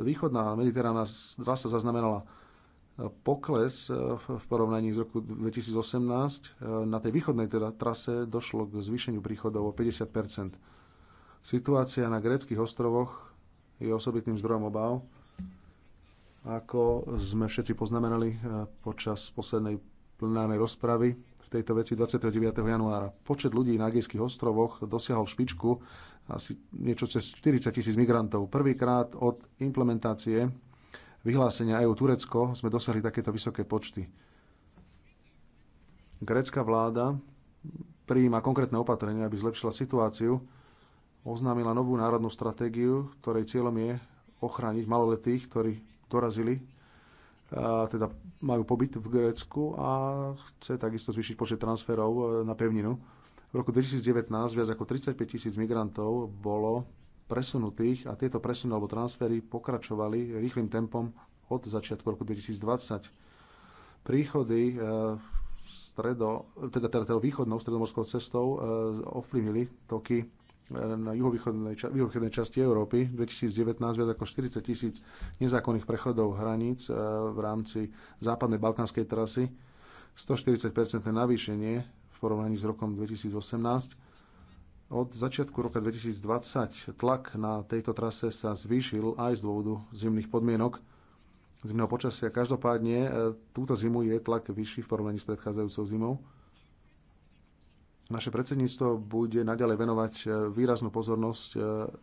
východná Mediterána zase zaznamenala pokles e, v porovnaní z roku 2018. E, na tej východnej teda trase došlo k zvýšeniu príchodov o 50 Situácia na gréckých ostrovoch je osobitným zdrojom obáv. Ako sme všetci poznamenali e, počas poslednej plenárnej rozpravy v tejto veci 29. januára. Počet ľudí na Agejských ostrovoch dosiahol špičku asi niečo cez 40 tisíc migrantov. Prvýkrát od implementácie vyhlásenia EU Turecko sme dosiahli takéto vysoké počty. Grécka vláda prijíma konkrétne opatrenia, aby zlepšila situáciu. Oznámila novú národnú stratégiu, ktorej cieľom je ochrániť maloletých, ktorí dorazili, a teda majú pobyt v Grécku a chce takisto zvýšiť počet transferov e, na pevninu. V roku 2019 viac ako 35 tisíc migrantov bolo presunutých a tieto presuny alebo transfery pokračovali rýchlým tempom od začiatku roku 2020. Príchody e, stredo, teda, teda, teda východnou stredomorskou cestou e, ovplyvnili toky e, na juhovýchodnej, juhovýchodnej časti Európy 2019 viac ako 40 tisíc nezákonných prechodov hraníc v rámci západnej balkánskej trasy, 140 navýšenie v porovnaní s rokom 2018 od začiatku roka 2020 tlak na tejto trase sa zvýšil aj z dôvodu zimných podmienok, zimného počasia. Každopádne e, túto zimu je tlak vyšší v porovnaní s predchádzajúcou zimou. Naše predsedníctvo bude naďalej venovať e, výraznú pozornosť e,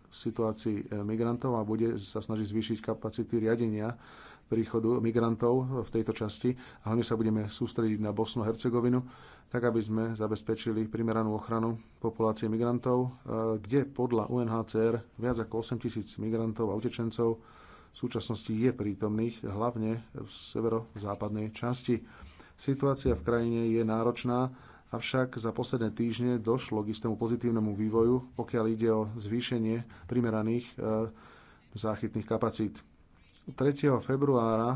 situácii migrantov a bude sa snažiť zvýšiť kapacity riadenia príchodu migrantov v tejto časti. A hlavne sa budeme sústrediť na Bosnu a Hercegovinu, tak aby sme zabezpečili primeranú ochranu populácie migrantov, e, kde podľa UNHCR viac ako 8 tisíc migrantov a utečencov v súčasnosti je prítomných, hlavne v severozápadnej časti. Situácia v krajine je náročná, Avšak za posledné týždne došlo k istému pozitívnemu vývoju, pokiaľ ide o zvýšenie primeraných e, záchytných kapacít. 3. februára eh,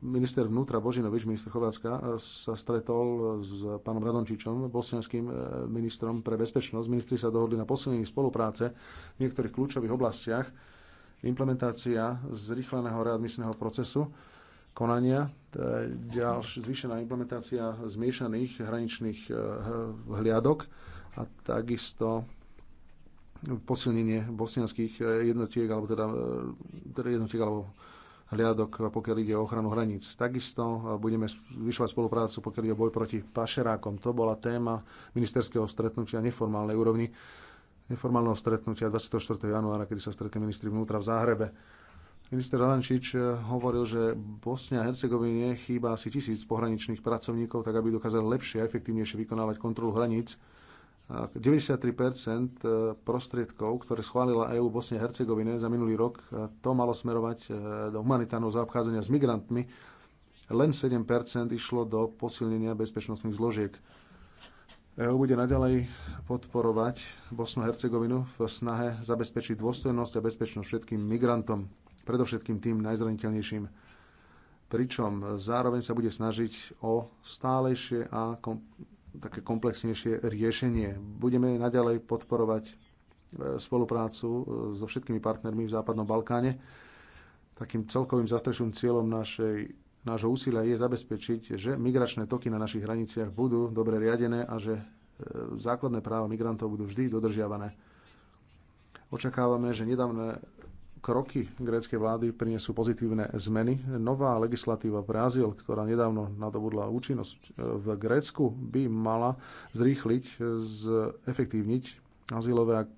minister vnútra Božinovič, minister Chovácka, eh, sa stretol s pánom Radončičom, bosnianským eh, ministrom pre bezpečnosť. Ministri sa dohodli na posilnení spolupráce v niektorých kľúčových oblastiach. Implementácia zrýchleného readmisného procesu konania, ďalšia zvýšená implementácia zmiešaných hraničných hliadok a takisto posilnenie bosnianských jednotiek, alebo teda, teda jednotiek, alebo hliadok, pokiaľ ide o ochranu hraníc. Takisto e, budeme vyšľať spoluprácu, pokiaľ ide o boj proti pašerákom. To bola téma ministerského stretnutia neformálnej úrovni, neformálneho stretnutia 24. januára, kedy sa stretli ministri vnútra v Záhrebe. Minister Alančič e, hovoril, že Bosnia a Hercegovine chýba asi tisíc pohraničných pracovníkov, tak aby dokázali lepšie a efektívnejšie vykonávať kontrolu hraníc 93% prostriedkov, ktoré schválila EÚ Bosne a Hercegovine za minulý rok, to malo smerovať eh, do humanitárneho zaobchádzania s migrantmi. Len 7% išlo do posilnenia bezpečnostných zložiek. EÚ bude naďalej podporovať Bosnu a Hercegovinu v snahe zabezpečiť dôstojnosť a bezpečnosť všetkým migrantom, predovšetkým tým najzraniteľnejším. Pričom zároveň sa bude snažiť o stálejšie a také komplexnejšie riešenie. Budeme naďalej podporovať e, spoluprácu e, so všetkými partnermi v Západnom Balkáne. Takým celkovým zastrešujúcim cieľom našej, nášho úsilia je zabezpečiť, že migračné toky na našich hraniciach budú dobre riadené a že e, základné práva migrantov budú vždy dodržiavané. Očakávame, že nedávne kroky gréckej vlády prinesú pozitívne zmeny. Nová legislatíva Brazíl, ktorá nedávno nadobudla účinnosť e, v Grécku, by mala zrýchliť, e, zefektívniť azylové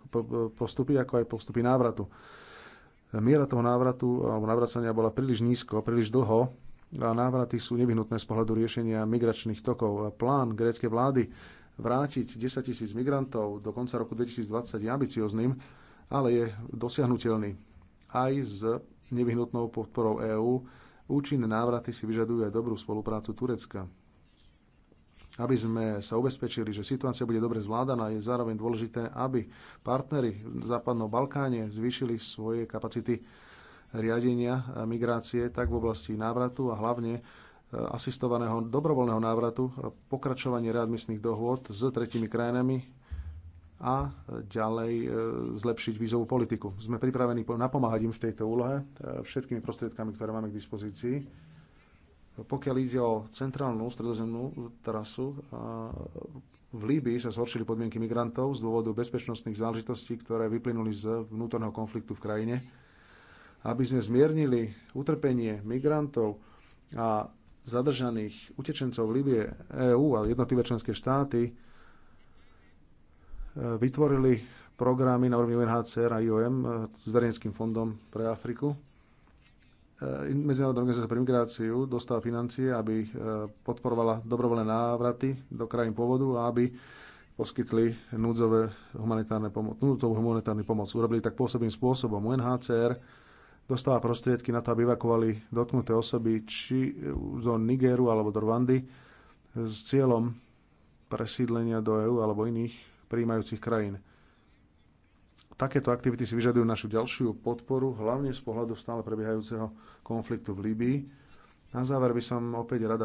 postupy, ako aj postupy návratu. Miera toho návratu alebo navracania bola príliš nízko, príliš dlho a návraty sú nevyhnutné z pohľadu riešenia migračných tokov. Plán gréckej vlády vrátiť 10 tisíc migrantov do konca roku 2020 je ambiciozným, ale je dosiahnutelný aj s nevyhnutnou podporou EÚ. Účinné návraty si vyžadujú aj dobrú spoluprácu Turecka. Aby sme sa ubezpečili, že situácia bude dobre zvládaná, je zároveň dôležité, aby partnery v Západnom Balkáne zvýšili svoje kapacity riadenia migrácie, tak v oblasti návratu a hlavne e, asistovaného dobrovoľného návratu, pokračovanie readmisných dohôd s tretimi krajinami, a ďalej e, zlepšiť vízovú politiku. Sme pripravení napomáhať im v tejto úlohe e, všetkými prostriedkami, ktoré máme k dispozícii. Pokiaľ ide o centrálnu stredozemnú trasu, e, v Líbii sa zhoršili podmienky migrantov z dôvodu bezpečnostných záležitostí, ktoré vyplynuli z vnútorného konfliktu v krajine. Aby sme zmiernili utrpenie migrantov a zadržaných utečencov v Líbie EÚ a jednotlivé členské štáty, E, vytvorili programy na úrovni UNHCR a IOM e, s Verejnským fondom pre Afriku. E, Medzinárodná organizácia pre migráciu dostala financie, aby podporovala dobrovoľné návraty do krajín pôvodu a aby poskytli núdzové humanitárne pomoc, núdzovú humanitárnu pomoc. Urobili tak pôsobným spôsobom. UNHCR dostala prostriedky na to, aby evakovali dotknuté osoby či zo Nigeru alebo do Rwandy s cieľom presídlenia do EÚ alebo iných prijímajúcich krajín. Takéto aktivity si vyžadujú našu ďalšiu podporu, hlavne z pohľadu stále prebiehajúceho konfliktu v Líbii. Na záver by som opäť rada